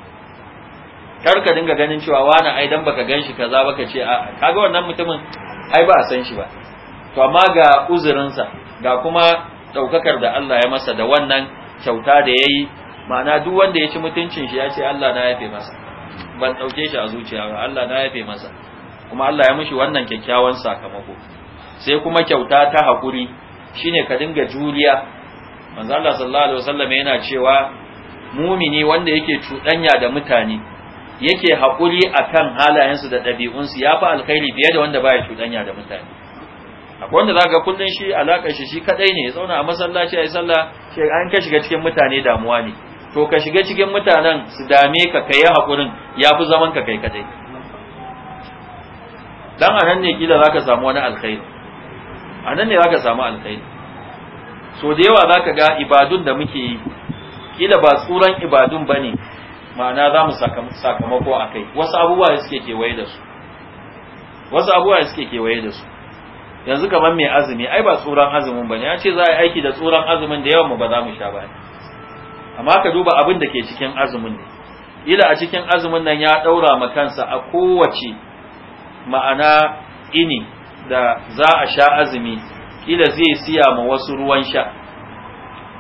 kar ka dinga ganin cewa wani ai dan baka ganshi kaza baka ce a kaga wannan mutumin ai ba a san shi ba to amma ga uzurinsa ga kuma daukakar da Allah ya masa da wannan kyauta da yayi ma'ana duk wanda ya ci mutuncin shi ya ce Allah na yafe masa ban dauke shi a zuciya ba Allah na yafe masa kuma Allah ya mishi wannan kyakkyawan sakamako sai kuma kyauta ta hakuri shine ka dinga juriya manzo Allah sallallahu alaihi wasallam yana cewa mumini wanda yake cuɗanya da mutane yake haƙuri akan halayensu da ɗabi'unsu ya fi alkhairi fiye da wanda baya cuɗanya da mutane akwai wanda za ga kullum shi alaƙar shi shi kaɗai ne ya zauna a masallaci ya yi sallah shi an ka shiga cikin mutane damuwa ne to ka shiga cikin mutanen su dame ka kai haƙurin ya fi zaman ka kai kaɗai dan a nan ne kila za ka samu wani alkhairi a nan ne za ka samu alkhairi so da yawa za ka ga ibadun da muke yi kila ba tsuran ibadun ba ne ma'ana za mu sakamako a kai wasu abubuwa da suke kewaye da su wasu abubuwa da suke kewaye da su yanzu kamar mai azumi ai ba tsoron azumin ba ne ya ce za a yi aiki da tsoron azumin da yawan mu ba za mu sha ba amma ka duba abin da ke cikin azumin ne ila a cikin azumin nan ya ɗaura ma kansa a kowace ma'ana ini da za a sha azumi ila zai siya ma wasu ruwan sha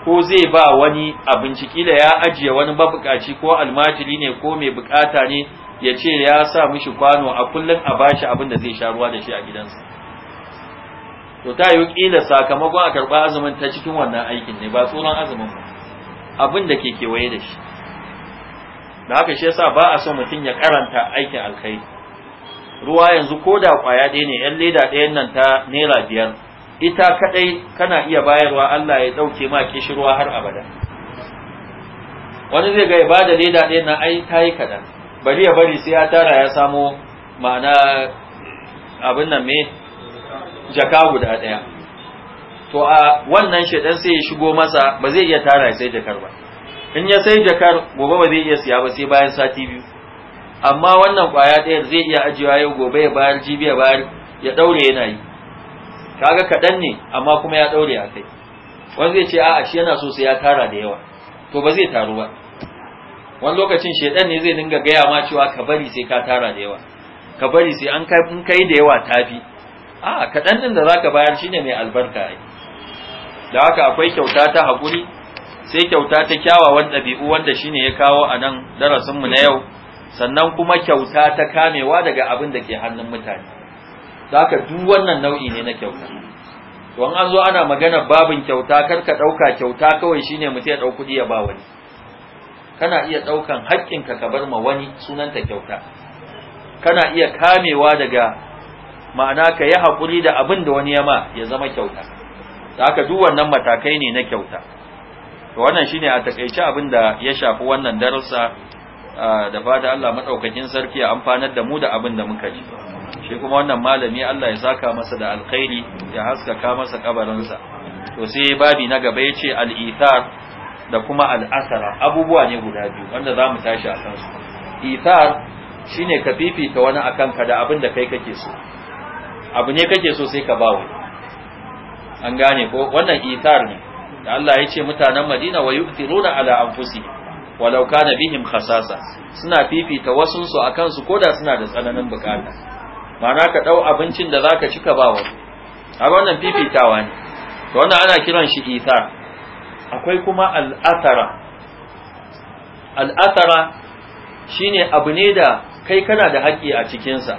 ko zai ba wani abinci kila ya ajiye wani mabukaci ko almajiri ne ko mai bukata ne ya ce ya sa mishi kwano a kullum a bashi abin da zai sha ruwa da shi a gidansa to ta yi kila sakamakon a karɓa azumin ta cikin wannan aikin ne ba tsoron azumin ba abin da ke kewaye da shi da haka shi yasa ba a so mutum ya karanta aikin alkhairi ruwa yanzu ko da kwaya ɗaya ne yan leda ɗayan nan ta naira biyar ita kadai kana iya bayarwa Allah ya dauke ma kishirwa har abada wani zai ga ya bada leda ɗaya na ai ta yi kaɗan bari ya bari sai ya tara ya samo ma'ana abin nan me jaka guda ɗaya to a wannan shaidan sai ya shigo masa ba zai iya tara ya sai jakar ba in ya sai jakar gobe ba zai iya siya ba sai bayan sati biyu amma wannan kwaya ɗayar zai iya ajiyewa yau gobe ya bayar jibi ya bayar ya ɗaure yana yi kaga kaɗan ne amma kuma ya ɗaure a kai wani zai ce a'a shi yana so sai ya tara da yawa to ba zai taru ba wani lokacin shaidan ne zai dinga gaya ma cewa ka bari sai ka tara da yawa ka bari sai an kai in kai da yawa tafi a kaɗan din da zaka bayar shine mai albarka ai da haka akwai kyauta ta haƙuri sai kyauta ta kyawawan ɗabi'u wanda shine ya kawo a nan darasinmu na yau sannan kuma kyauta ta kamewa daga abin da ke hannun mutane haka duk wannan nau'i ne na kyauta to an zo ana magana babin kyauta kar ka dauka kyauta kawai shine mutai ya dau kudi ya ba wani kana iya daukan haƙƙinka ka bar ma wani sunanta kyauta kana iya kamewa daga ma'ana ka yi haƙuri da abin da wani ma ya zama kyauta da haka duk wannan matakai ne na kyauta to wannan shine a takaice abin da ya shafi wannan darussa ah, da fata Allah madaukakin sarki ya amfanar da mu da abin da muka ji shi kuma wannan malami Allah ya saka masa da alkhairi ya haskaka masa kabarinsa to sai babi na gaba ya ce al'ithar da kuma al'asara abubuwa ne guda biyu wanda za mu tashi a kansu ithar shi ne ka fifita wani a ka, da abin da kai kake so abu ne kake so sai ka ba an gane ko wannan ithar ne da Allah ya ce mutanen madina wa yu'thiruna ala anfusihim walau kana bihim khasasa suna fifita wasunsu a kansu koda suna da tsananin bukata ma'ana ka ɗau abincin da za ka ci ka ba wa a wannan fifitawa ne to wannan ana kiran shi isa akwai kuma al'asara al'asara shine abu ne da kai kana da haƙƙi a cikinsa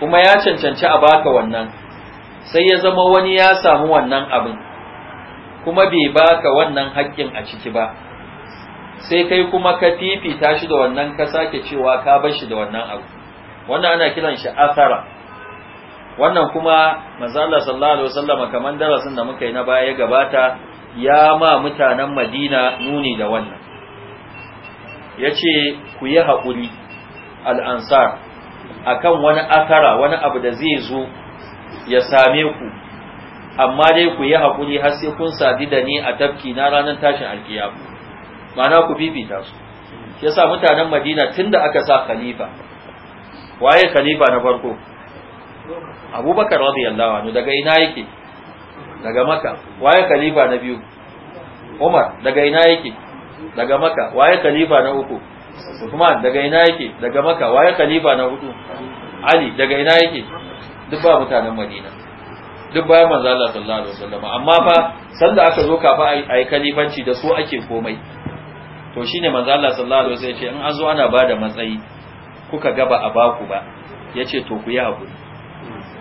kuma ya cancanci a baka wannan sai ya zama wani ya samu wannan abin kuma bai baka wannan haƙƙin a ciki ba sai kai kuma ka fifita shi da wannan ka sake cewa ka bar shi da wannan abu wannan ana kiran shi athara wannan kuma manzala sallallahu alaihi wasallam kamar darasin da muka yi na baya ya gabata ya ma mutanen Madina nuni da wannan yace ku yi hakuri al-ansar akan wani athara wani abu da zai zo ya same ku amma dai ku yi hakuri har sai kun sadi da ni a tafki na ranar tashin alkiyama ma'ana ku fifita su yasa mutanen Madina tunda aka sa khalifa waye khalifa na farko abubakar radiyallahu anhu daga ina yake daga maka waye khalifa na biyu umar daga ina yake daga maka waye khalifa na uku usman daga ina yake daga maka waye khalifa na hudu ali daga ina yake duk ba mutanen madina duk bayan manzo Allah sallallahu alaihi wasallam amma fa sanda aka zo kafa ai kalifanci da su ake komai to shine manzo Allah sallallahu alaihi wasallam ya ce in an zo ana bada matsayi kuka gaba a baku ba ya ce to ku yi haƙuri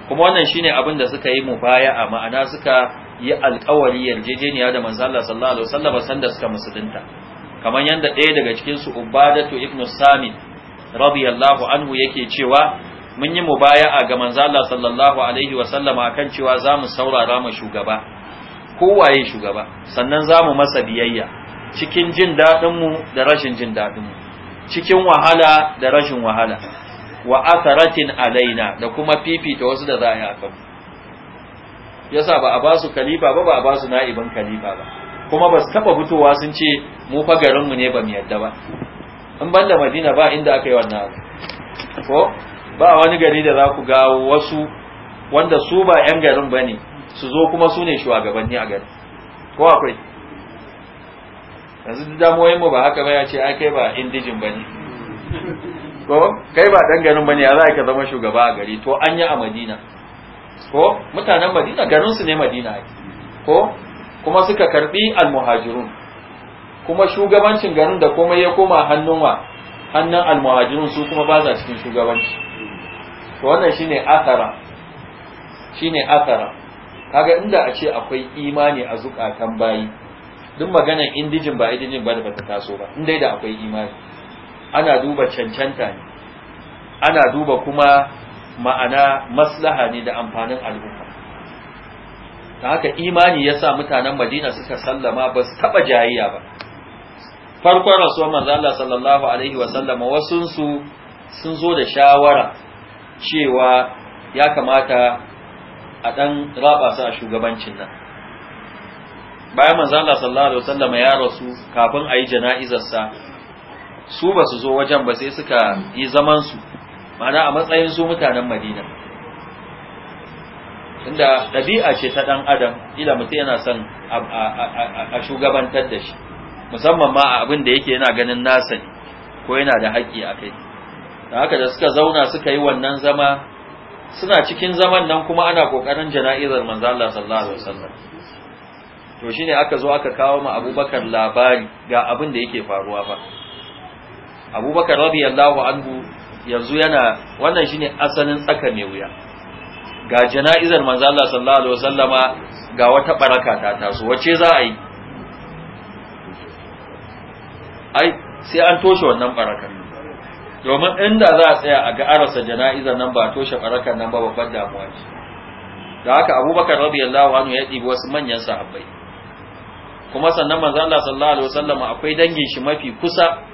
kuma wannan shine abin da suka yi baya, a ma'ana suka yi alƙawari yarjejeniya da manzo Allah sallallahu alaihi wasallam sanda suka musulunta kamar yanda ɗaya daga cikin su Ubadatu ibn Samit radiyallahu anhu yake cewa mun yi mubaya'a ga manzo Allah sallallahu alaihi wasallam akan cewa za mu saurara mu shugaba kowaye shugaba sannan za mu masa biyayya cikin jin daɗinmu da rashin jin daɗinmu. cikin wahala da rashin wahala wa asaratin alaina da kuma fifita wasu da za a yi a kanmu yasa ba a ba su kalifa ba ba a ba su na'ibin kalifa ba kuma ba su taba fitowa sun ce mu fa garinmu ne ba mu yadda ba in ban da madina ba inda aka yi wannan abu ko ba wani gari da za ku ga wasu wanda su ba 'yan garin ba ne su zo kuma su ne shugabanni a garin ko akwai yanzu dama damuwoyin mu ba haka ba ya ce ai kai ba indijin bane ko kai ba dan garin bane ya za ka zama shugaba a gari to an yi a Madina ko mutanen Madina garin su ne Madina ko kuma suka karbi almuhajirun kuma shugabancin garin da komai ya koma hannun wa hannun almuhajirun su kuma ba za cikin shugabanci to wannan shine athara shine athara kaga inda a ce akwai imani a zukatan bayi duk maganar indijin ba indijin ba da bata taso ba in dai da akwai imani ana duba cancanta ne ana duba kuma ma'ana maslaha ne da amfanin al'umma ta haka imani ya sa mutanen madina suka sallama ba su taɓa jayayya ba farkon rasuwar manzo Allah sallallahu alaihi wa sallama wasunsu sun zo da shawara cewa ya kamata a ɗan raba su a shugabancin nan bayan manzo Allah sallallahu alaihi wasallam ya rasu kafin ayi yi sa su ba su zo wajen ba sai suka yi zaman su ma'ana a matsayin su mutanen Madina inda ɗabi'a ce ta dan adam ila mutum yana son a shugabantar da shi musamman ma a abin da yake yana ganin nasa ne ko yana da haƙƙi a kai da haka da suka zauna suka yi wannan zama suna cikin zaman nan kuma ana ƙoƙarin jana'izar manzo Allah sallallahu alaihi wasallam to shine aka zo aka kawo ma abubakar labari ga abin da yake faruwa fa abubakar radiyallahu anhu yanzu yana wannan shine asalin tsaka mai wuya ga jana'izar manzo Allah sallallahu alaihi wasallama ga wata baraka ta taso wace za a yi ai sai an toshe wannan barakar domin inda za a tsaya a ga arasa jana'izar nan ba toshe barakar nan ba babban damuwa ce da haka abubakar radiyallahu anhu ya ɗibi wasu manyan sahabbai kuma sannan manzo Allah sallallahu alaihi wasallam akwai dangin shi mafi kusa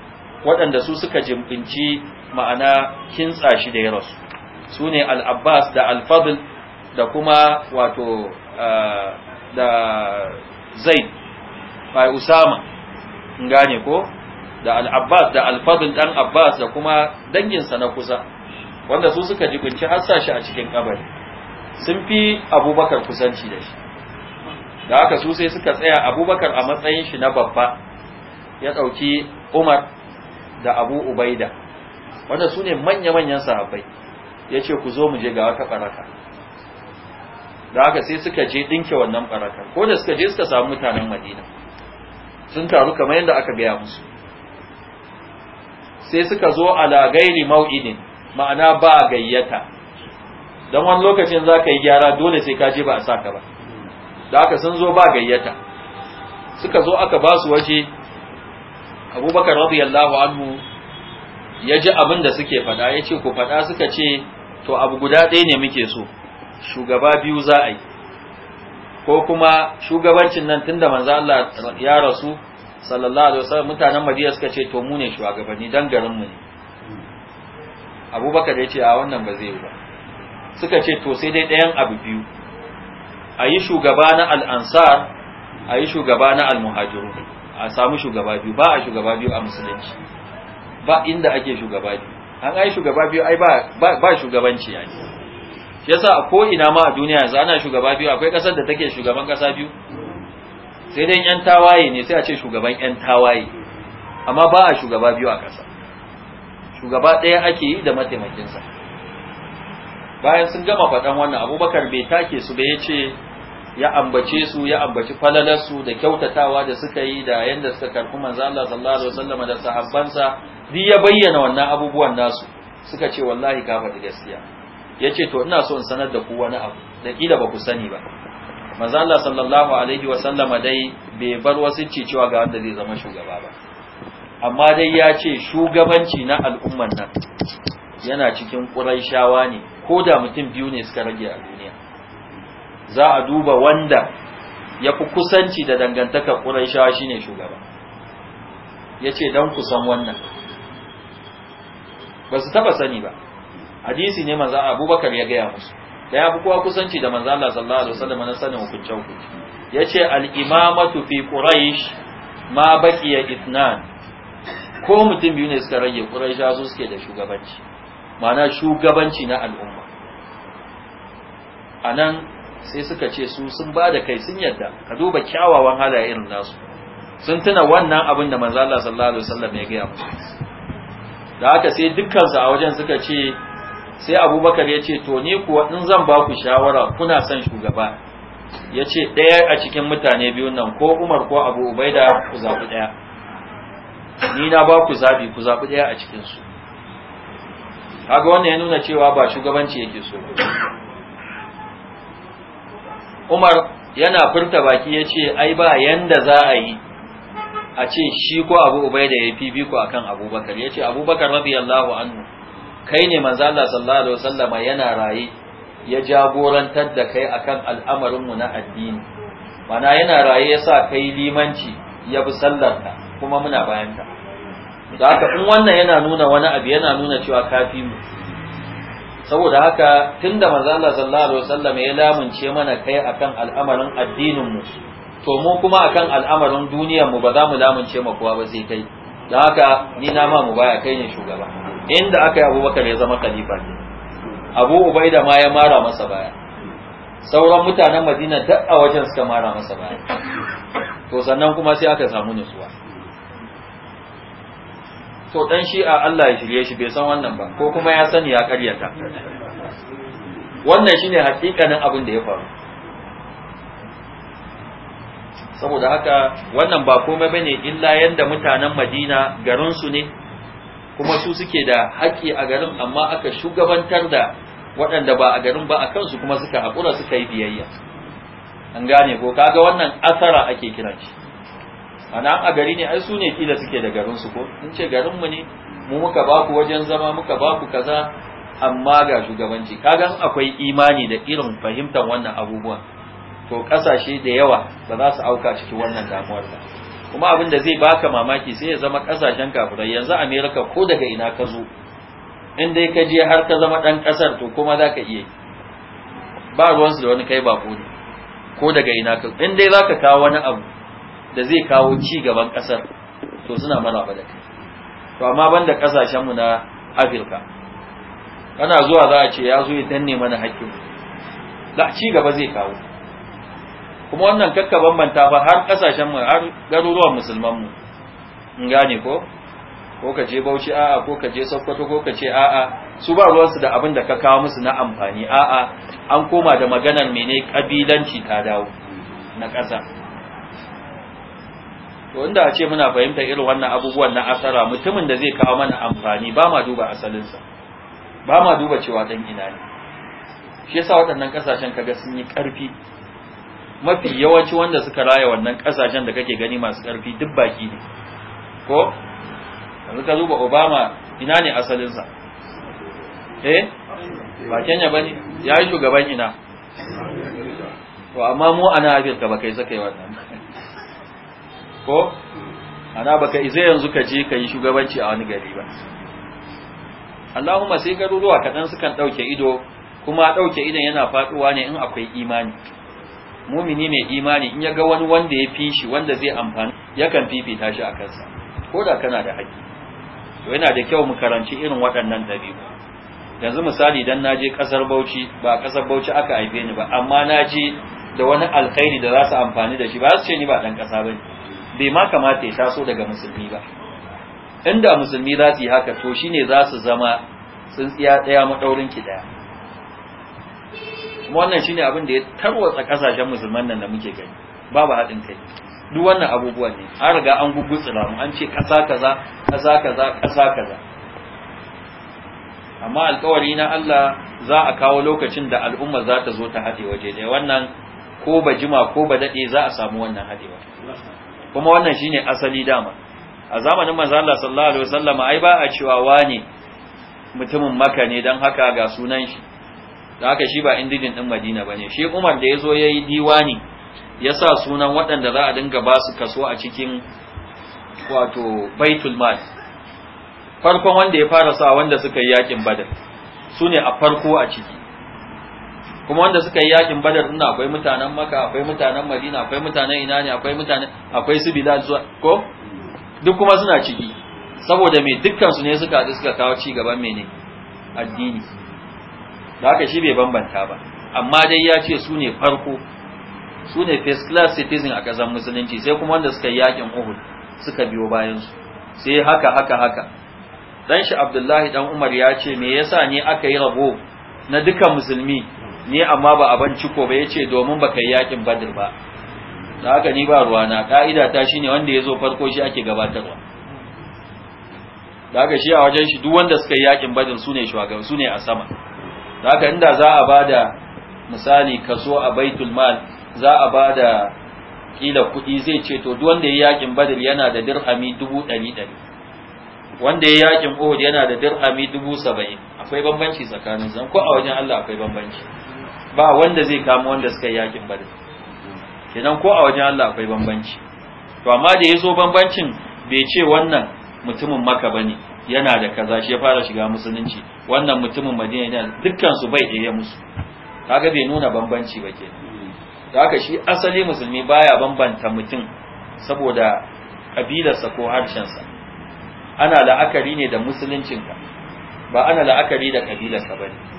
waɗanda su suka jimbinci ma'ana kintsa shi da ya su ne al-Abbas da al-Fadl da kuma wato eh, da Zaid bai Usama gane ko da al-Abbas da al-Fadl dan Abbas da kuma danginsa na kusa wanda su suka jibinci hassa shi a cikin kabari sun fi abubakar kusanci da shi da haka su sai suka tsaya abubakar a matsayin shi na babba ya ɗauki umar da abu ubaida wanda su ne manya-manyan sahabbai ya ce ku zo mu je ga wata ɓaraka da haka sai suka je ɗinke wannan ɓaraka ko da suka je suka samu mutanen madina sun taru kamar yadda aka gaya musu sai suka zo al'agairi gairi mau'idin ma'ana ba gayyata don wani lokacin za ka yi gyara dole sai ka je ba a saka ba da aka sun zo ba gayyata suka zo aka ba su waje abubakar radiyallahu anhu ya ji abin da suke faɗa ya ce ku faɗa suka ce to abu guda ɗaya ne muke so shugaba biyu za a yi ko kuma shugabancin nan tunda manzo Allah ya rasu sallallahu alaihi wasallam mutanen Madina suka ce to mu ne shugabanni dan garin mu ne Abubakar ya ce a wannan ba zai yi ba suka ce to sai dai ɗayan abu biyu a yi shugaba na al'ansar a yi shugaba na almuhajiru a samu shugaba biyu ba a shugaba biyu a musulunci ba inda ake shugaba biyu an ai shugaba biyu ai ba shugabanci ya shi yasa a ko'ina ma a duniya yanzu ana shugaba biyu akwai ƙasar da take shugaban ƙasa biyu sai dai yan tawaye ne sai a ce shugaban yan tawaye amma ba a shugaba biyu a ƙasa shugaba ɗaya ake yi da mataimakinsa bayan sun gama faɗan wannan abubakar bai take su ba ya ce ya ambace su ya ambaci falalarsu da kyautatawa da suka yi da yadda suka karfi manzo Allah sallallahu alaihi wasallam da sahabbansa duk ya bayyana wannan abubuwan nasu suka ce wallahi ka faɗi gaskiya yace to ina so in sanar da ku wani abu da kila ba ku sani ba manzo Allah sallallahu alaihi wasallam dai bai bar wasu cicewa ga wanda zai zama shugaba ba amma dai ya ce shugabanci na al'umman nan yana cikin shawa ne ko da mutum biyu ne suka rage a za a duba wanda ya fi kusanci da dangantaka ƙuraishawa ne shugaba ya ce don kusan wannan ba su taba sani ba hadisi ne manzan abubakar ya gaya musu da ya fi kowa kusanci da manzan Allah sallallahu alaihi wasallam na sanin hukuncin ku ya ce al'imamatu fi ƙuraish ma baƙiya itnan ko mutum biyu ne suka rage ƙuraishawa su suke da shugabanci ma'ana shugabanci na al'umma a nan sai suka ce su sun ba da kai sun yadda ka duba kyawawan halaye irin nasu sun tuna wannan abin da manzo Allah sallallahu alaihi wasallam ya gaya musu da haka sai su a wajen suka ce sai Abubakar ya ce to ni kuwa in zan ba ku shawara kuna son shugaba ya ce ɗaya a cikin mutane biyun nan ko Umar ko Abu Ubaida ku zaɓi ɗaya ni na ba ku zaɓi ku zaɓi ɗaya a cikinsu kaga wannan ya nuna cewa ba shugabanci yake so Umar yana furta baki ya ce ai ba yanda za a yi a ce shi ko Abu Ubaida ya fifiko akan Abubakar ya ce Abubakar radiyallahu anhu kai ne manzo Allah sallallahu alaihi wasallama yana raye ya jagorantar da kai akan al'amarinmu na addini mana yana raye ya sa kai limanci ya bi sallarta kuma muna bayanta da haka in wannan yana nuna wani abu yana nuna cewa kafi mu saboda haka tunda manzo Allah sallallahu alaihi wasallam ya lamunce mana kai akan al'amarin addinin mu to mu kuma akan al'amarin duniyar mu ba za mu lamunce ma kowa ba sai kai da haka ni na ma mu baya kai ne shugaba inda aka yi Abubakar ya zama khalifa ne Abu Ubaida ma ya mara masa baya sauran mutanen Madina duk a wajen suka mara masa baya to sannan kuma sai aka samu nutsuwa to dan shi'a Allah ya shirye shi bai san wannan ba ko kuma ya sani ya karyata wannan shine hakikanin abin da ya faru saboda haka wannan ba komai bane illa yanda mutanen Madina garin su ne kuma su suke da haƙƙi a garin amma aka shugabantar da waɗanda ba a garin ba a kansu kuma suka haƙura suka yi biyayya an gane ko kaga wannan asara ake kiran shi ana a gari ne ai su ne kila suke da garin su ko in ce garin mu ne mu muka ba ku wajen zama muka ba ku kaza amma ga shugabanci kagan akwai imani da irin fahimtar wannan abubuwan to kasashe da yawa ba za su auka cikin wannan damuwar ba kuma abin da zai baka mamaki sai ya zama kasashen kafirai yanzu America ko daga ina ka zo in dai ka je har ka zama dan kasar to kuma za ka iya ba ruwansu da wani kai ba ne ko daga ina ka in dai za ka kawo wani abu da zai kawo ci gaban ƙasar to suna mana ba da kai to amma banda ƙasashenmu na afirka kana zuwa za a ce ya zo ya danne mana haƙƙin da ci gaba zai kawo kuma wannan kakka bambanta ba har ƙasashenmu har garuruwan musulmanmu in gane ko ko ka je bauchi a'a ko ka je sokoto ko ka ce a'a su ba ruwansu da abin da ka kawo musu na amfani a'a an koma da maganar mene kabilanci ta dawo na ƙasa to inda a ce muna fahimta irin wannan abubuwan na asara mutumin da zai kawo mana amfani ba ma duba asalinsa ba ma duba cewa dan ina ne shi yasa waɗannan ƙasashen kaga sun yi ƙarfi mafi yawanci wanda suka raya wannan ƙasashen da kake gani masu ƙarfi duk baki ne ko yanzu ka duba obama ina ne asalinsa eh ba kenya ba ne ya yi shugaban ina to amma mu ana afirka ba kai sakai wannan ko ana baka izai yanzu ka je ka yi shugabanci a wani gari ba Allahumma sai garuruwa kaɗan sukan ɗauke ido kuma ɗauke idon yana faɗuwa ne in akwai imani mumini mai imani in ya ga wani wanda ya fi shi wanda zai amfani yakan fifita shi a kansa ko da kana da haƙi to yana da kyau mu karanci irin waɗannan dabi'u. yanzu misali dan je kasar Bauchi ba ƙasar Bauchi aka haife ni ba amma na je da wani alkhairi da za su amfani da shi ba su ce ni ba ɗan ƙasa kasa bane bai ma kamata ya taso daga musulmi ba inda musulmi za su yi haka to shine za su zama sun tsiya ɗaya maɗaurin ki ɗaya kuma wannan shine abin da ya tarwatsa ƙasashen musulman nan da muke gani babu haɗin kai duk wannan abubuwan ne an riga an gugutsura mu an ce ƙasa kaza ƙasa kaza ƙasa kaza amma alƙawari na Allah za a kawo lokacin da al'umma za ta zo ta haɗe waje ɗaya wannan ko ba jima ko ba daɗe za a samu wannan haɗewa kuma wannan shine asali dama a zamanin manzo Allah sallallahu alaihi wasallam ai ba a cewa wane mutumin maka ne dan haka ga sunan shi da haka shi ba indijin din Madina bane shi Umar da yazo yayi diwani ya sa sunan waɗanda za a dinga ba su kaso a cikin wato baitul mal farkon wanda ya fara sa wanda suka yi yakin badar sune a farko a ciki kuma wanda suka yi yakin badar din akwai mutanen maka akwai mutanen madina akwai mutanen ina ne akwai mutanen akwai su bilal zuwa ko duk kuma suna ciki saboda me dukkan su ne suka haɗu suka kawo ci gaban mene addini da haka shi bai bambanta ba amma dai ya ce su ne farko su ne first class citizen a ƙasar musulunci sai kuma wanda suka yi yakin uhud suka biyo bayan su sai haka haka haka dan shi abdullahi dan umar ya ce me yasa ne aka yi rabo na dukkan musulmi ni amma ba aban ciko ba ya ce domin baka yi yakin badir ba da haka ni ba ruwana ka'ida ta shine wanda zo farko shi ake gabatarwa da haka shi a wajen shi duk wanda suka yi yakin badr sune shugaban sune a sama da haka inda za a bada misali kaso a baitul mal za a bada kila kuɗi zai ce to duk wanda ya yakin badir yana da dirhami dubu ɗari ɗari wanda ya yakin uhud yana da dirhami dubu saba'in akwai bambanci tsakanin zan ko a wajen Allah akwai bambanci ba wanda zai kama wanda suka yi yakin badar kenan ko a wajen Allah akwai bambanci to amma da yazo bambancin bai ce wannan mutumin maka bane yana da kaza shi ya fara shiga musulunci wannan mutumin madina yana dukkan su bai ɗaya musu kaga bai nuna bambanci ba kenan da haka shi asali musulmi baya bambanta mutum saboda kabilarsa ko harshensa ana la'akari ne da musuluncinka ba ana la'akari da kabilarsa bane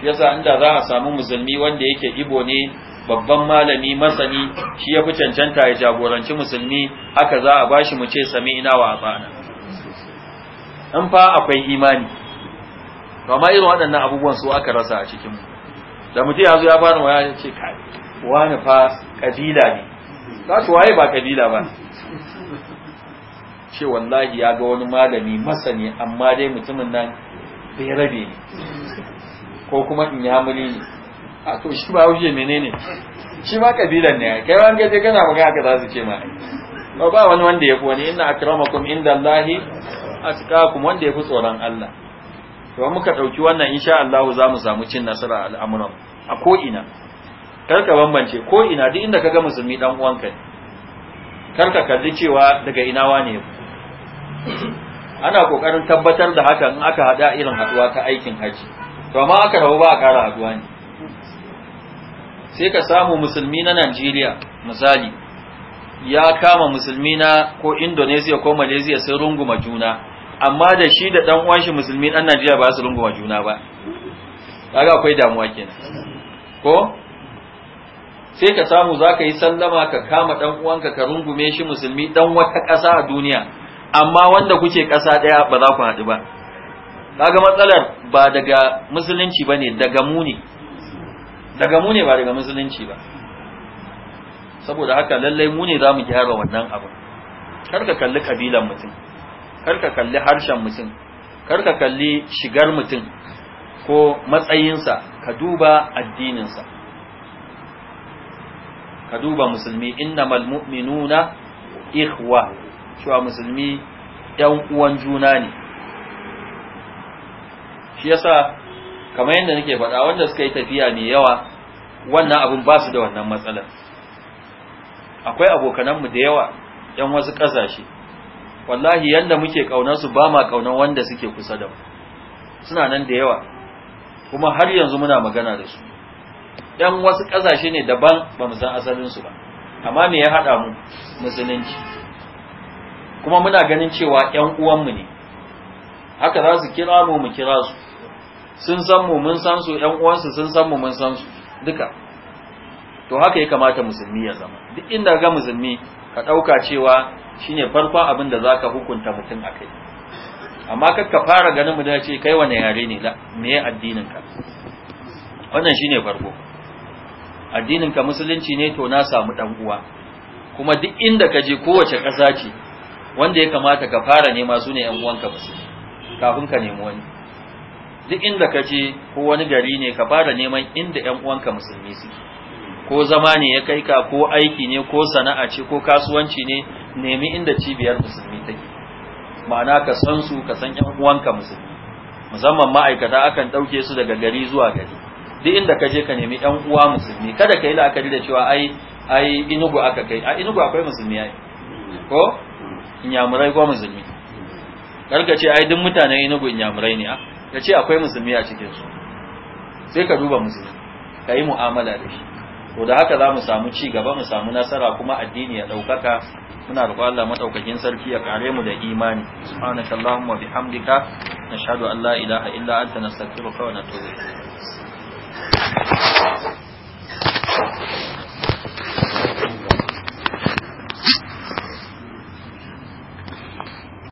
shi yasa inda za a samu musulmi wanda yake ibo ne babban malami masani shi ya fi cancanta ya jagoranci musulmi haka za a bashi mu ce sami ina wa tsana in fa akwai imani to amma irin waɗannan abubuwan su aka rasa a cikin mu da mutum ya zo ya fara waya ya ce kai wani fa kabila ne za su waye ba kabila ba ce wallahi ya ga wani malami masani amma dai mutumin nan bai rabe ne ko kuma in yamuri ne a to shi ba wuce menene shi ma kabilan ne kai ma gaje kana magana ka za su ce ma ba ba wani wanda ya fi wani inna akramakum inda Allahi atqakum wanda ya fi tsoron Allah to muka dauki wannan insha Allah za mu samu cin nasara al'amuran a ko ina karka bambance ko ina duk inda kaga musulmi dan uwanka ne karka kalli cewa daga ina wane ya ana kokarin tabbatar da haka in aka hada irin haduwa ta aikin haji to amma aka rabu ba a ƙara haduwa ne sai ka samu musulmi na Najeriya misali ya kama musulmi na ko Indonesia ko Malaysia sun runguma juna amma da shi da dan uwan shi musulmi dan Najeriya ba su runguma juna ba kaga akwai damuwa kenan ko sai ka samu zaka yi sallama ka kama dan uwanka ka rungume shi musulmi dan wata ƙasa a duniya amma wanda kuke ƙasa ɗaya ba za ku haɗu ba kaga matsalar ba daga musulunci bane daga mu ne daga mu ne ba daga musulunci ba saboda haka lallai mu ne zamu gyara wannan abu kar ka kalli kabilan mutum kar ka kalli harshen mutum kar ka kalli shigar mutum ko matsayinsa ka duba addininsa ka duba musulmi innamal mu'minuna ikhwa cewa musulmi ‘yan uwan juna ne shi yasa kamar yadda nake faɗa wanda suka yi tafiya mai yawa wannan abin ba su da wannan matsalar akwai abokananmu da yawa ‘yan wasu ƙasashe wallahi yadda muke ƙaunarsu ba ma ƙaunar wanda suke kusa da mu suna nan da yawa kuma har yanzu muna magana da su ‘yan wasu ƙasashe ne daban ba mu san asalinsu ba amma me ya haɗa mu musulunci kuma muna ganin cewa ‘yan uwanmu ne haka za su kira mu mu kira su sun san mu mun san su ƴan uwansu sun san mu mun san su duka to haka ya kamata musulmi ya zama duk inda ga musulmi ka ɗauka cewa shine farkon abin da zaka hukunta mutum akai amma kar ka fara ganin mu da ce kai wane yare ne da me addinin ka wannan shine farko addinin ka musulunci ne to na samu dan uwa kuma duk inda ka je kowace kasa ce wanda ya kamata ka fara nema su ne 'yan uwanka musulmi kafin ka nemi wani duk inda ka je ko wani gari ne ka fara neman inda ƴan uwanka musulmi suke ko zama ne ya kai ka ko aiki ne ko sana'a ce ko kasuwanci ne nemi inda cibiyar musulmi take ma'ana ka san su ka san ƴan uwanka musulmi musamman ma'aikata akan ɗauke su daga gari zuwa gari duk inda ka je ka nemi ƴan uwa musulmi kada ka yi la'akari da cewa ai ai inugu aka kai a inugu akwai musulmi ai ko inyamurai ko musulmi ka ce ai duk mutanen inugu inyamurai ne a ah. ka ce akwai musulmi a cikinsu sai ka duba musulmi ka yi mu'amala da shi to da haka za mu samu ci gaba mu samu nasara kuma addini ya ɗaukaka muna roƙon Allah maɗaukakin sarki ya kare mu da imani subhanaka allahumma bihamdika nashhadu an la ilaha illa anta nastaghfiruka wa natubu ilayk